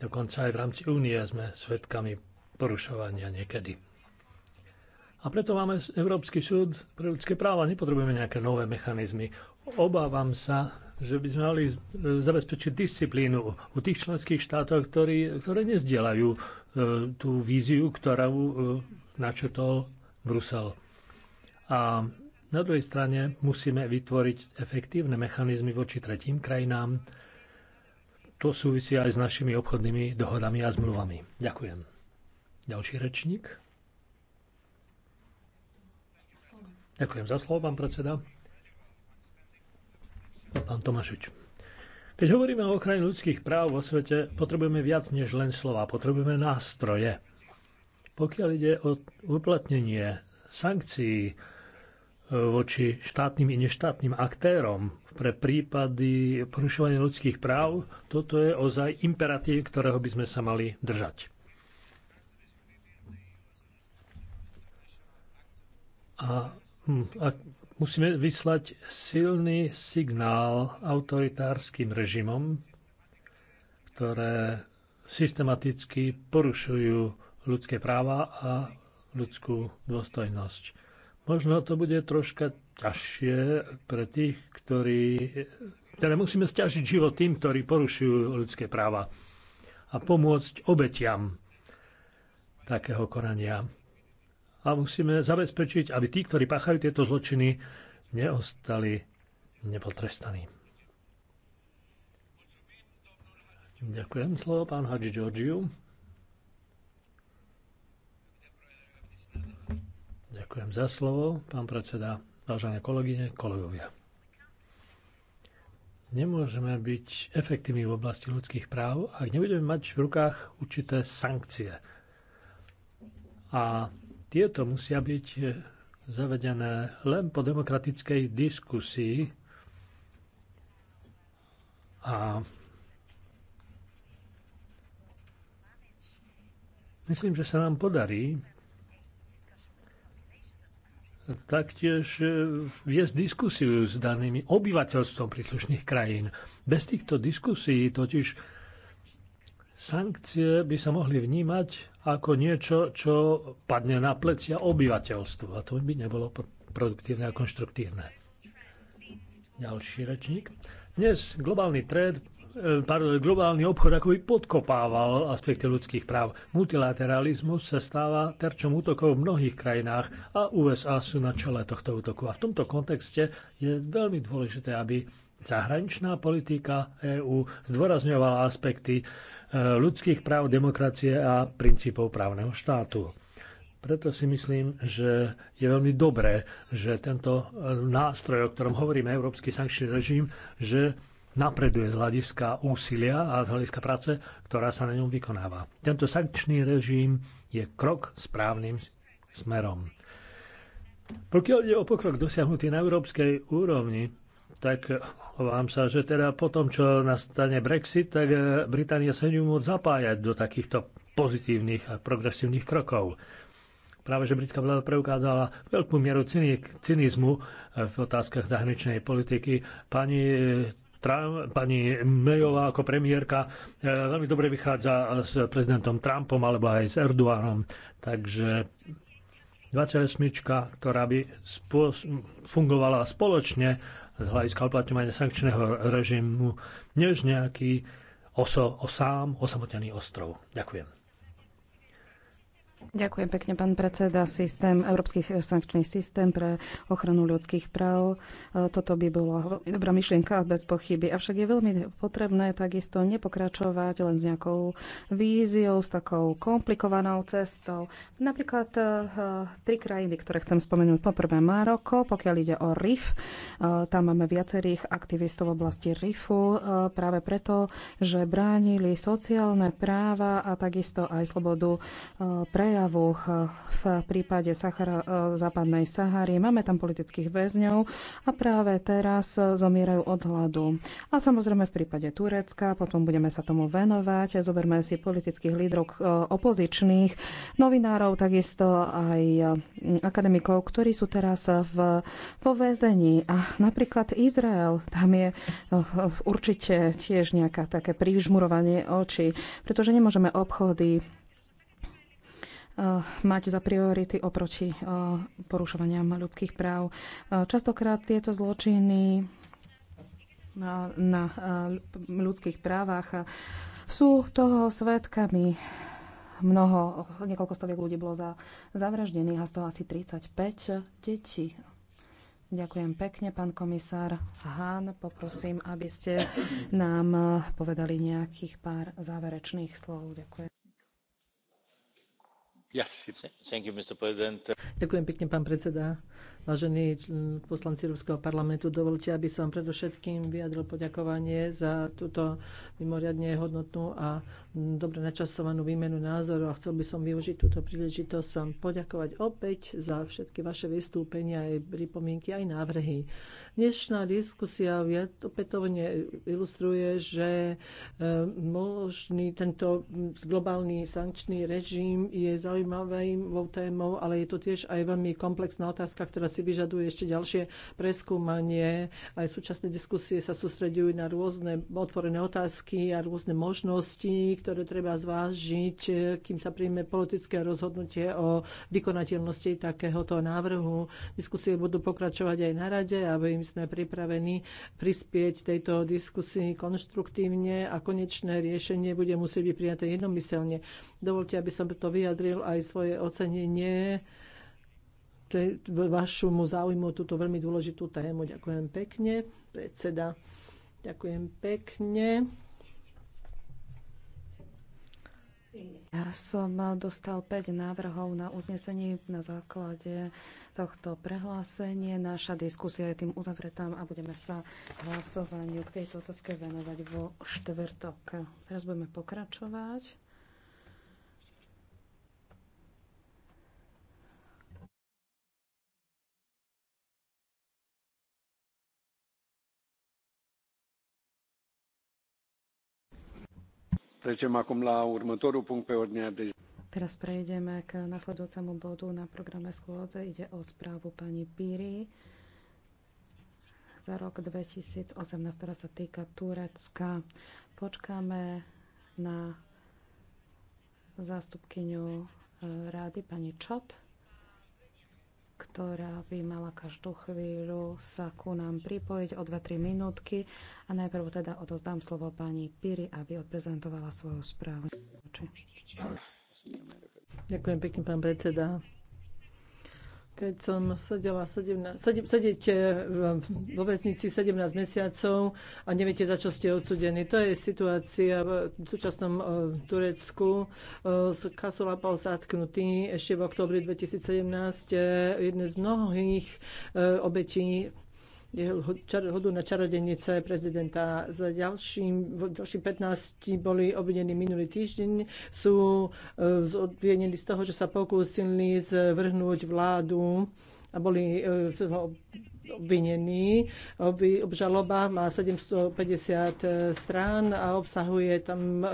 Dokonca aj v rámci únie sme svedkami porušovania niekedy. A preto máme Európsky súd pre ľudské práva, nepotrebujeme nejaké nové mechanizmy. Obávam sa, že by sme mali zabezpečiť disciplínu u tých členských štátov, ktorí, ktoré nezdielajú e, tú víziu, ktorá e, načrtol Brusel. A na druhej strane musíme vytvoriť efektívne mechanizmy voči tretím krajinám. To súvisí aj s našimi obchodnými dohodami a zmluvami. Ďakujem. Ďalší rečník. Ďakujem za slovo, pán predseda. A pán Tomášič. Keď hovoríme o ochrane ľudských práv vo svete, potrebujeme viac než len slova, potrebujeme nástroje. Pokiaľ ide o uplatnenie sankcií e, voči štátnym i neštátnym aktérom pre prípady porušovania ľudských práv, toto je ozaj imperatív, ktorého by sme sa mali držať. A Hm, a musíme vyslať silný signál autoritárskym režimom, ktoré systematicky porušujú ľudské práva a ľudskú dôstojnosť. Možno to bude troška ťažšie pre tých, ktorí... Teda musíme stiažiť život tým, ktorí porušujú ľudské práva a pomôcť obetiam takého konania a musíme zabezpečiť, aby tí, ktorí páchajú tieto zločiny, neostali nepotrestaní. Ďakujem. Slovo pán Hadži Georgiu. Ďakujem za slovo, pán predseda, vážené kolegyne, kolegovia. Nemôžeme byť efektívni v oblasti ľudských práv, ak nebudeme mať v rukách určité sankcie. A tieto musia byť e, zavedené len po demokratickej diskusii a myslím, že sa nám podarí taktiež e, viesť diskusiu s danými obyvateľstvom príslušných krajín. Bez týchto diskusí totiž sankcie by sa mohli vnímať ako niečo, čo padne na plecia obyvateľstvu. A to by nebolo produktívne a konštruktívne. Ďalší rečník. Dnes globálny trend e, pardon, globálny obchod ako by podkopával aspekty ľudských práv. Multilateralizmus sa stáva terčom útokov v mnohých krajinách a USA sú na čele tohto útoku. A v tomto kontexte je veľmi dôležité, aby Zahraničná politika EÚ zdôrazňovala aspekty e, ľudských práv, demokracie a princípov právneho štátu. Preto si myslím, že je veľmi dobré, že tento e, nástroj, o ktorom hovoríme, Európsky sankčný režim, že napreduje z hľadiska úsilia a z hľadiska práce, ktorá sa na ňom vykonáva. Tento sankčný režim je krok správnym smerom. Pokiaľ ide o pokrok dosiahnutý na európskej úrovni, tak vám sa, že teda po tom, čo nastane Brexit, tak e, Británia sa nemôže zapájať do takýchto pozitívnych a progresívnych krokov. Práve, že britská vláda preukázala veľkú mieru cynizmu e, v otázkach zahraničnej politiky. Pani e, Trump, pani Mayová ako premiérka veľmi dobre vychádza s prezidentom Trumpom alebo aj s Erdoganom. Takže 28, ktorá by fungovala spoločne z hľadiska uplatňovania sankčného režimu, než nejaký oso, osám osamotený ostrov. Ďakujem. Ďakujem pekne, pán predseda. Systém, Európsky sankčný systém pre ochranu ľudských práv. E, toto by bola dobrá myšlienka, bez pochyby. Avšak je veľmi potrebné takisto nepokračovať len s nejakou víziou, s takou komplikovanou cestou. Napríklad e, tri krajiny, ktoré chcem spomenúť. Poprvé Maroko, pokiaľ ide o RIF. E, tam máme viacerých aktivistov v oblasti RIFu práve preto, že bránili sociálne práva a takisto aj slobodu pre prejavoch eh, v prípade Sahara, eh, západnej Sahary. Máme tam politických väzňov a práve teraz eh, zomierajú od hladu. A samozrejme v prípade Turecka, potom budeme sa tomu venovať. Zoberme si politických lídrov opozičných, novinárov, takisto aj akademikov, ktorí sú teraz v, povezení. A napríklad Izrael, tam je určite tiež nejaká také prížmurovanie očí, pretože nemôžeme obchody Eh, mať za priority oproti eh, porušovaniam ľudských práv. Eh, častokrát tieto zločiny na ľudských právach sú toho svetkami mnoho, niekoľko stoviek ľudí bolo za, zavraždených a z toho asi 35 detí. Ďakujem pekne, pán komisár Hán. Poprosím, aby ste nám povedali nejakých pár záverečných slov. Ďakujem. Yes. You, Ďakujem pekne, pán predseda. Vážení poslanci Európskeho parlamentu, dovolte, aby som predovšetkým vyjadril poďakovanie za túto mimoriadne hodnotnú a dobre načasovanú výmenu názorov a chcel by som využiť túto príležitosť vám poďakovať opäť za všetky vaše vystúpenia, aj pripomienky, aj návrhy. Dnešná diskusia opätovne ilustruje, že e, možný tento globálny sankčný režim je zaujímavým témou, ale je to tiež aj veľmi komplexná otázka, ktorá si vyžaduje ešte ďalšie preskúmanie. Aj súčasné diskusie sa sústredujú na rôzne otvorené otázky a rôzne možnosti, ktoré treba zvážiť, kým sa príjme politické rozhodnutie o vykonateľnosti takéhoto návrhu. Diskusie budú pokračovať aj na rade, aby im sme pripravení prispieť tejto diskusii konštruktívne a konečné riešenie bude musieť byť prijaté jednomyselne. Dovolte, aby som to vyjadril aj svoje ocenenie vašemu záujmu túto veľmi dôležitú tému. Ďakujem pekne, predseda. Ďakujem pekne. Ja som dostal 5 návrhov na uznesení na základe tohto prehlásenie. Naša diskusia je tým uzavretá a budeme sa hlasovaniu k tejto otázke venovať vo štvrtok. Teraz budeme pokračovať. Teraz prejdeme k nasledujúcemu bodu na programe schôdze. Ide o správu pani Píry za rok 2018, ktorá sa týka Turecka. Počkáme na zástupkyňu eh, rady pani Čot ktorá by mala každú chvíľu sa ku nám pripojiť o 2-3 minútky. A najprv teda odozdám slovo pani Piri, aby odprezentovala svoju správu. Ďakujem pekne, pán predseda. Keď som sedela 17, sed, sedíte vo väznici 17 mesiacov a neviete, za čo ste odsudení. To je situácia v súčasnom e, Turecku. E, Kasula bol zatknutý ešte v oktobri 2017. Jedne z mnohých e, obetí hodu na čarodenice prezidenta. Za ďalším, ďalší 15 boli obvinení minulý týždeň. Sú e, obvinení z toho, že sa pokúsili zvrhnúť vládu a boli e, obvinení. Obžaloba má 750 strán a obsahuje tam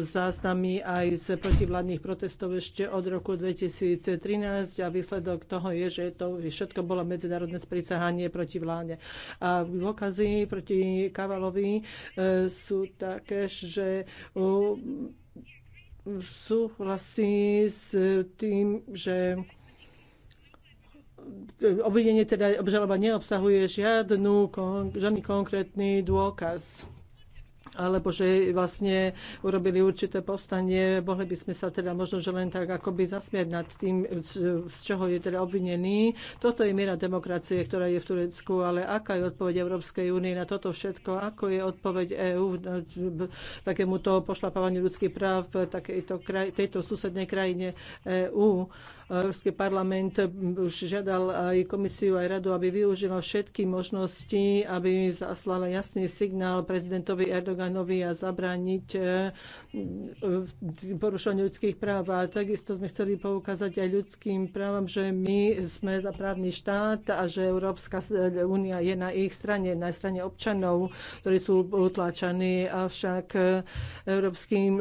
záznamy aj z protivládnych protestov ešte od roku 2013 a výsledok toho je, že to všetko bolo medzinárodné sprísahanie proti vláde. A dôkazy proti Kavalovi e, sú také, že súhlasí s tým, že obvinenie teda obžaloba neobsahuje žiadnu, žiadny konkrétny dôkaz alebo že vlastne urobili určité povstanie, mohli by sme sa teda možno, že len tak akoby zasmiať nad tým, z čoho je teda obvinený. Toto je miera demokracie, ktorá je v Turecku, ale aká je odpoveď Európskej únie na toto všetko? Ako je odpoveď EÚ takémuto pošlapávaniu ľudských práv v takejto kraj, tejto susednej krajine EÚ? Európsky parlament už žiadal aj komisiu, aj radu, aby využila všetky možnosti, aby zaslala jasný signál prezidentovi Erdoganovi a zabrániť eh, porušovaniu ľudských práv. A takisto sme chceli poukázať aj ľudským právam, že my sme za právny štát a že Európska únia je na ich strane, na strane občanov, ktorí sú utláčaní. Avšak eh, európskym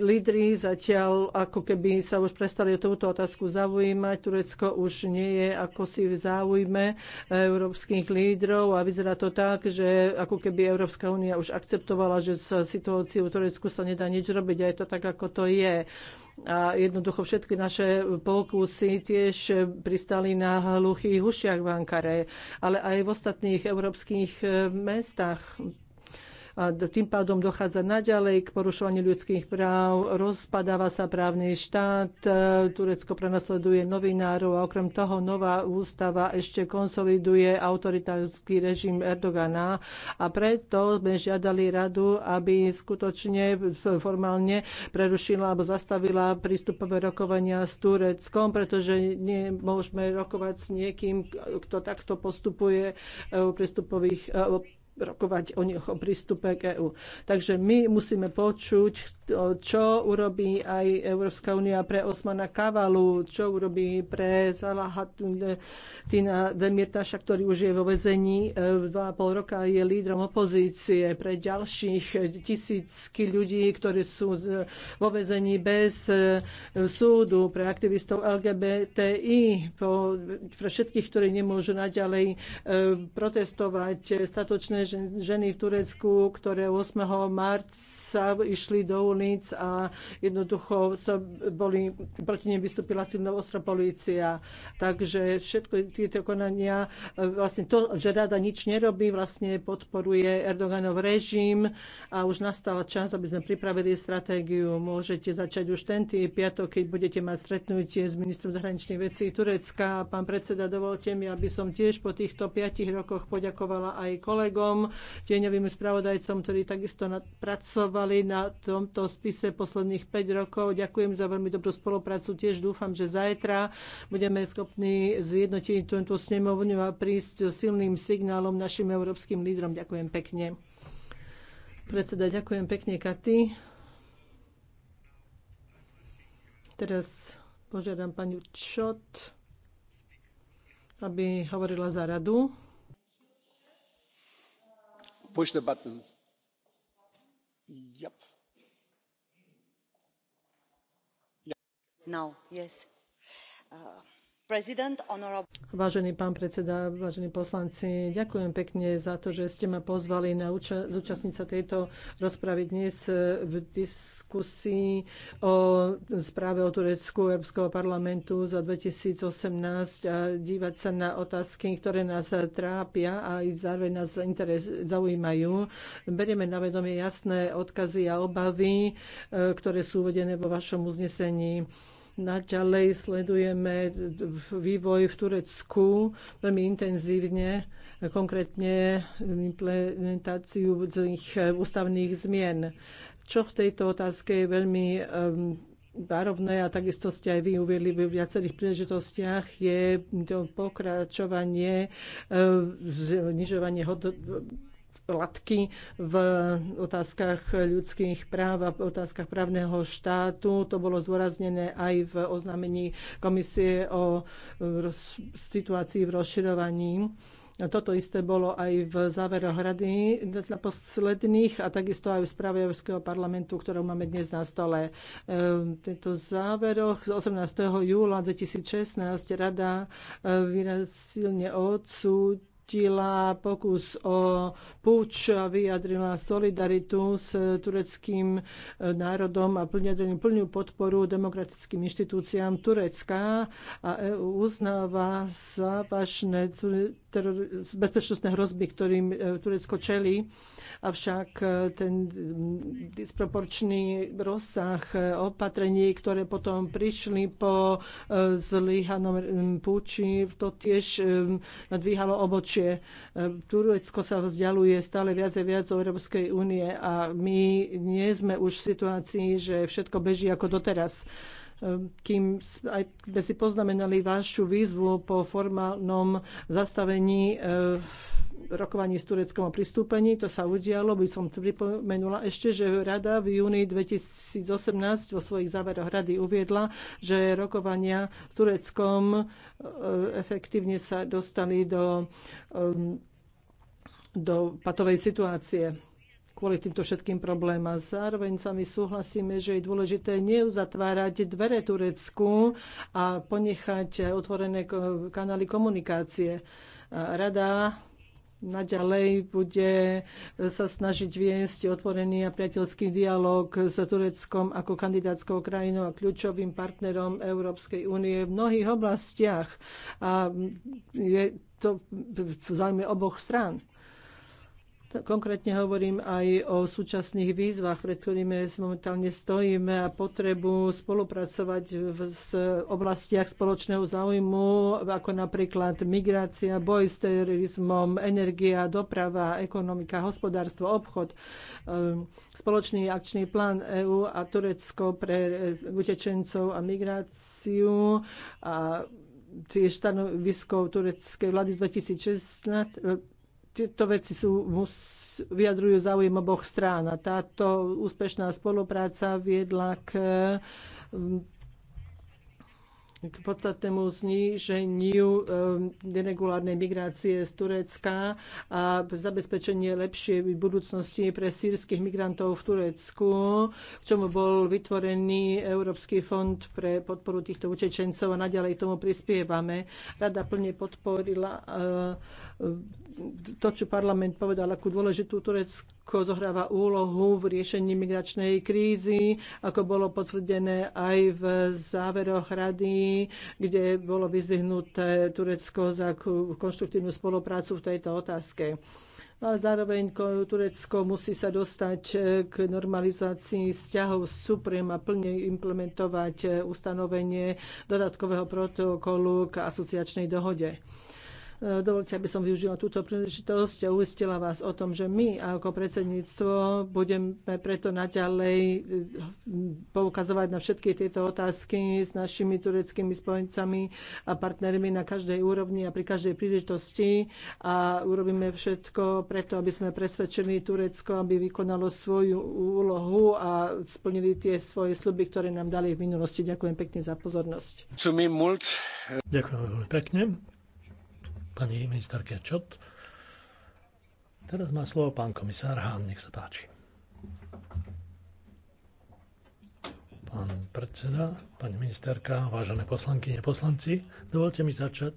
lídri zatiaľ ako keby sa už prestali o túto otázku zaujímať zaujímať. Turecko už nie je ako si v záujme eh, európskych lídrov a vyzerá to tak, že ako keby Európska únia už akceptovala, že s situáciou v Turecku sa nedá nič robiť a je to tak, ako to je a jednoducho všetky naše pokusy tiež pristali na hluchých hušiach v Ankare, ale aj v ostatných európskych eh, mestách a tým pádom dochádza naďalej k porušovaniu ľudských práv, rozpadáva sa právny štát, e, Turecko prenasleduje novinárov a okrem toho nová ústava ešte konsoliduje autoritársky režim Erdogana a preto sme žiadali radu, aby skutočne formálne prerušila alebo zastavila prístupové rokovania s Tureckom, pretože nemôžeme rokovať s niekým, kto takto postupuje v e, prístupových e, rokovať o nich o prístupe k EÚ. Takže my musíme počuť, čo urobí aj Európska únia pre Osmana Kavalu, čo urobí pre Salahatina Demirtaša, ktorý už je vo vezení e, dva a pol roka je lídrom opozície, pre ďalších tisícky ľudí, ktorí sú vo vezení bez e, súdu, pre aktivistov LGBTI, pre všetkých, ktorí nemôžu naďalej e, protestovať statočné ženy v Turecku, ktoré 8. marca išli do ulic a jednoducho sa boli, proti nej vystúpila silná ostra polícia. Takže všetko tieto konania, vlastne to, že rada nič nerobí, vlastne podporuje Erdoganov režim a už nastal čas, aby sme pripravili stratégiu. Môžete začať už tento piatok, keď budete mať stretnutie s ministrom zahraničných vecí Turecka. Pán predseda, dovolte mi, aby som tiež po týchto piatich rokoch poďakovala aj kolegom, Kolárom, tieňovým spravodajcom, ktorí takisto pracovali na tomto spise posledných 5 rokov. Ďakujem za veľmi dobrú spoluprácu. Tiež dúfam, že zajtra budeme schopní zjednotiť túto snemovňu a prísť silným signálom našim európskym lídrom. Ďakujem pekne. Predseda, ďakujem pekne, Katy. Teraz požiadam pani Čot, aby hovorila za radu push the button. Yep. Now, yes. Uh Vážený pán predseda, vážení poslanci, ďakujem pekne za to, že ste ma pozvali na úča- zúčastniť sa tejto rozpravy dnes eh, v diskusii o správe o Turecku Európskeho parlamentu za 2018 a dívať sa na otázky, ktoré nás trápia a aj zároveň nás interes zaujímajú. Berieme na vedomie jasné odkazy a obavy, eh, ktoré sú uvedené vo vašom uznesení. Naďalej sledujeme vývoj v Turecku veľmi intenzívne, konkrétne implementáciu eh, ústavných zmien. Čo v tejto otázke je veľmi Barovné eh, a takisto ste aj vy uvedli v viacerých príležitostiach, je to pokračovanie, eh, znižovanie hodnoty platky v otázkach ľudských práv a v otázkach právneho štátu. To bolo zdôraznené aj v oznámení komisie o situácii v rozširovaní. Toto isté bolo aj v záveroch rady na posledných a takisto aj v správe Európskeho parlamentu, ktorú máme dnes na stole. E, v záveroch z 18. júla 2016 rada e, výrazne odsúdila odsúdila pokus o púč a vyjadrila solidaritu s tureckým eh, národom a plňadrili plnú podporu demokratickým inštitúciám Turecka a EU uznáva závažné bezpečnostné hrozby, ktorým e, Turecko čelí. Avšak e, ten mm, disproporčný rozsah e, opatrení, ktoré potom prišli po zlyhanom púči, to tiež nadvíhalo obočie. Turecko sa vzdialuje stále viac a viac od Európskej únie a my nie sme už v situácii, že všetko beží ako doteraz. Ehm, kým aj sme si poznamenali vašu výzvu po formálnom zastavení ehm, rokovaní s Tureckom o pristúpení. To sa udialo. By som pripomenula ešte, že Rada v júni 2018 vo svojich záveroch Rady uviedla, že rokovania s Tureckom e, efektívne sa dostali do, ehm, do patovej situácie kvôli týmto všetkým problémom. zároveň sa my súhlasíme, že je dôležité neuzatvárať dvere Turecku a ponechať otvorené kanály komunikácie. Rada naďalej bude sa snažiť viesť otvorený a priateľský dialog s Tureckom ako kandidátskou krajinou a kľúčovým partnerom Európskej únie v mnohých oblastiach. A je to v záujme oboch strán. Konkrétne hovorím aj o súčasných výzvach, pred ktorými momentálne stojíme a potrebu spolupracovať v oblastiach spoločného záujmu, ako napríklad migrácia, boj s terorizmom, energia, doprava, ekonomika, hospodárstvo, obchod, ehm, spoločný akčný plán EÚ a Turecko pre e, utečencov a migráciu a tiež stanovisko tureckej vlády z 2016 tieto veci sú, mus, vyjadrujú záujem oboch strán a táto úspešná spolupráca viedla k k podstatnému zníženiu ehm, neregulárnej migrácie z Turecka a zabezpečenie lepšie budúcnosti pre sírskych migrantov v Turecku, k čomu bol vytvorený Európsky fond pre podporu týchto utečencov a naďalej tomu prispievame. Rada plne podporila ehm, to, čo parlament povedal, akú dôležitú Turecku ako zohráva úlohu v riešení migračnej krízy, ako bolo potvrdené aj v záveroch rady, kde bolo vyzvihnuté Turecko za konštruktívnu spoluprácu v tejto otázke no a zároveň Turecko musí sa dostať eh, k normalizácii vzťahov s Cyprem a plne implementovať eh, ustanovenie dodatkového protokolu k asociačnej dohode. E, dovolte, aby som využila túto príležitosť a uistila vás o tom, že my ako predsedníctvo budeme preto naďalej e, poukazovať na všetky tieto otázky s našimi tureckými spojencami a partnermi na každej úrovni a pri každej príležitosti a urobíme všetko preto, aby sme presvedčili Turecko, aby vykonalo svoju úlohu a splnili tie svoje sluby, ktoré nám dali v minulosti. Ďakujem pekne za pozornosť. Ďakujem veľmi pekne pani ministerke Čot. Teraz má slovo pán komisár Hán, nech sa páči. Pán predseda, pani ministerka, vážené poslankyne, poslanci, dovolte mi začať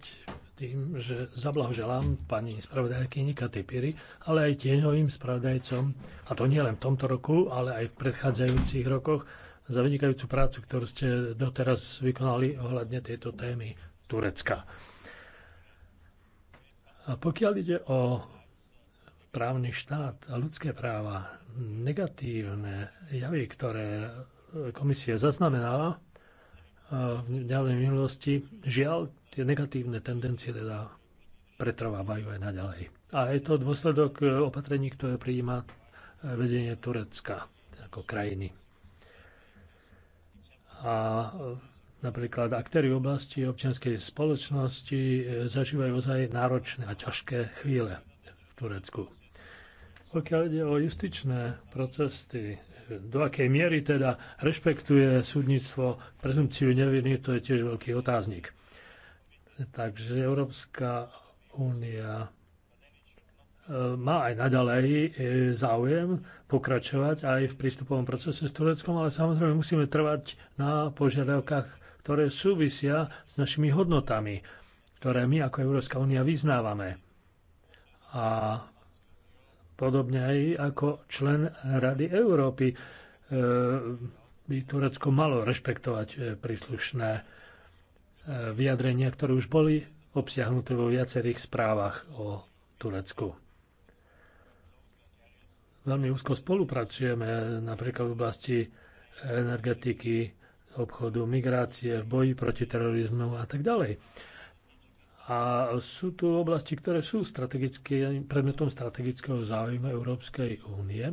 tým, že zablahoželám pani spravodajky Nika Piri, ale aj tieňovým spravodajcom, a to nie len v tomto roku, ale aj v predchádzajúcich rokoch, za vynikajúcu prácu, ktorú ste doteraz vykonali ohľadne tejto témy Turecka. A pokiaľ ide o právny štát a ľudské práva, negatívne javy, ktoré komisie zaznamenala e, v ďalej minulosti, žiaľ, tie negatívne tendencie teda pretrvávajú aj naďalej. A je to dôsledok e, opatrení, ktoré prijíma e, vedenie Turecka ako krajiny. A Napríklad aktéry v oblasti občianskej spoločnosti e, zažívajú ozaj náročné a ťažké chvíle v Turecku. Pokiaľ ide o justičné procesy, e, do akej miery teda rešpektuje súdnictvo prezumciu neviny, to je tiež veľký otáznik. Takže Európska únia e, má aj naďalej záujem pokračovať aj v prístupovom procese s Tureckom, ale samozrejme musíme trvať na požiadavkách ktoré súvisia s našimi hodnotami, ktoré my ako Európska únia vyznávame. A podobne aj ako člen Rady Európy e, by Turecko malo rešpektovať e, príslušné e, vyjadrenia, ktoré už boli obsiahnuté vo viacerých správach o Turecku. Veľmi úzko spolupracujeme napríklad v oblasti energetiky, obchodu, migrácie, v boji proti terorizmu a tak ďalej. A sú tu oblasti, ktoré sú strategické, predmetom strategického záujmu Európskej únie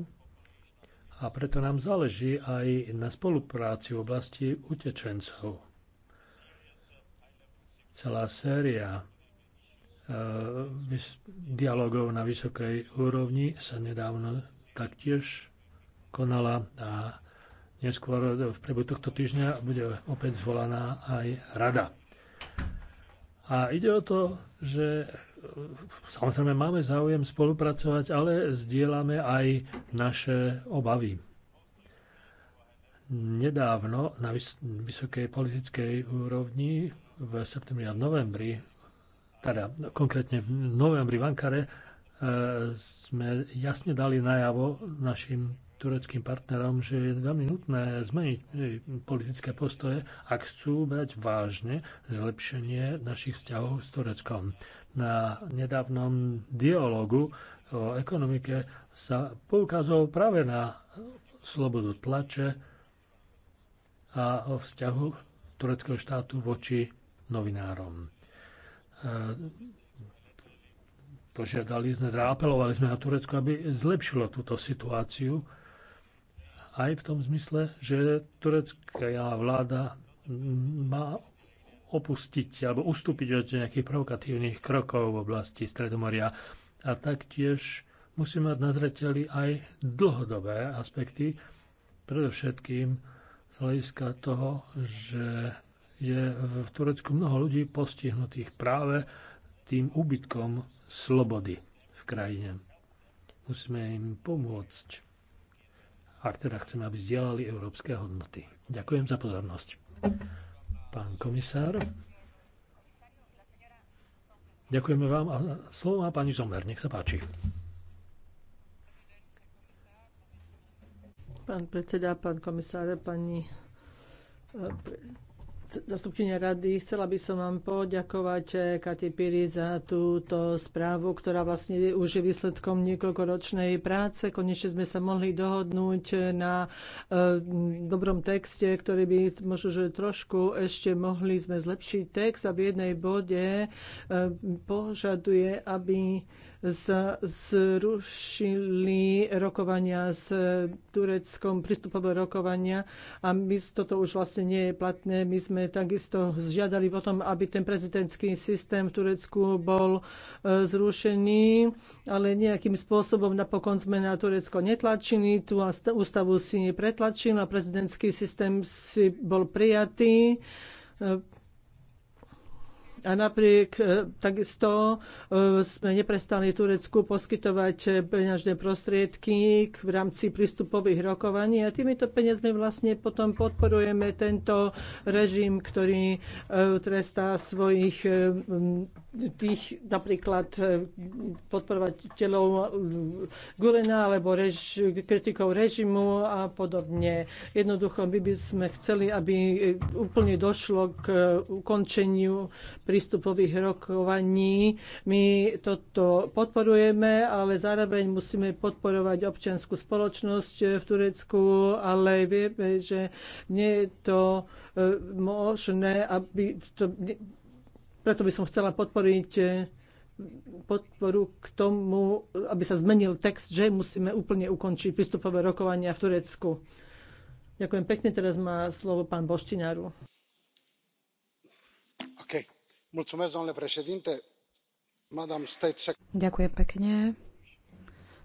a preto nám záleží aj na spolupráci v oblasti utečencov. Celá séria e, dialogov na vysokej úrovni sa nedávno taktiež konala a Neskôr v priebehu tohto týždňa bude opäť zvolaná aj rada. A ide o to, že samozrejme máme záujem spolupracovať, ale zdieľame aj naše obavy. Nedávno na vysokej politickej úrovni v septembri a novembri, teda konkrétne v novembri v Ankare, e, sme jasne dali najavo našim tureckým partnerom, že je veľmi nutné zmeniť eh, politické postoje, ak chcú brať vážne zlepšenie našich vzťahov s Tureckom. Na nedávnom dialogu o ekonomike sa poukázal práve na slobodu tlače a o vzťahu tureckého štátu voči novinárom. Eh, požiadali sme, teda apelovali sme na Turecko, aby zlepšilo túto situáciu aj v tom zmysle, že turecká vláda má opustiť alebo ustúpiť od nejakých provokatívnych krokov v oblasti Stredomoria. A taktiež musí mať na zreteli aj dlhodobé aspekty, predovšetkým z hľadiska toho, že je v Turecku mnoho ľudí postihnutých práve tým úbytkom slobody v krajine. Musíme im pomôcť ak teda chceme, aby vzdielali európske hodnoty. Ďakujem za pozornosť. Pán komisár. Ďakujeme vám a slovo má pani Zomer, nech sa páči. Pán predseda, pán komisár, pani eh, Zastupkynia rady, chcela by som vám poďakovať, eh, Kati Piri, za túto správu, ktorá vlastne už je výsledkom niekoľkoročnej práce. Konečne sme sa mohli dohodnúť eh, na e, dobrom texte, ktorý by možno, že trošku ešte mohli sme zlepšiť text a v jednej bode e, požaduje, aby zrušili rokovania s Tureckom, prístupové rokovania a my, toto už vlastne nie je platné. My sme takisto žiadali potom, aby ten prezidentský systém v Turecku bol e, zrušený, ale nejakým spôsobom napokon sme na Turecko netlačili, tú ústavu si pretlačil a prezidentský systém si bol prijatý e, a napriek e, takisto e, sme neprestali Turecku poskytovať e, peňažné prostriedky v rámci prístupových rokovaní a týmito peniazmi vlastne potom podporujeme tento režim, ktorý trestá svojich tých napríklad podporovateľov Gulena alebo rež, kritikov režimu a podobne. Jednoducho by, by sme chceli, aby úplne došlo k ukončeniu pri prístupových rokovaní. My toto podporujeme, ale zároveň musíme podporovať občianskú spoločnosť v Turecku, ale vieme, že nie je to e, možné, aby to, preto by som chcela podporiť e, podporu k tomu, aby sa zmenil text, že musíme úplne ukončiť prístupové rokovania v Turecku. Ďakujem pekne, teraz má slovo pán Boštiňaru domnule președinte ďakujem pekne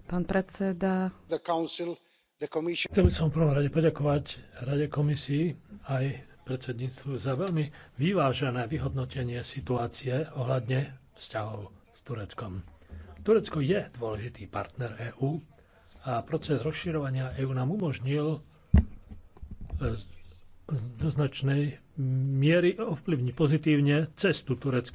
pán predseda. Chcel by som v prvom rade poďakovať Rade komisii aj predsedníctvu za veľmi vyvážené vyhodnotenie situácie ohľadne vzťahov s Tureckom. Turecko je dôležitý partner EÚ a proces rozširovania EÚ nám umožnil e, do značnej miery ovplyvní pozitívne cestu Turecka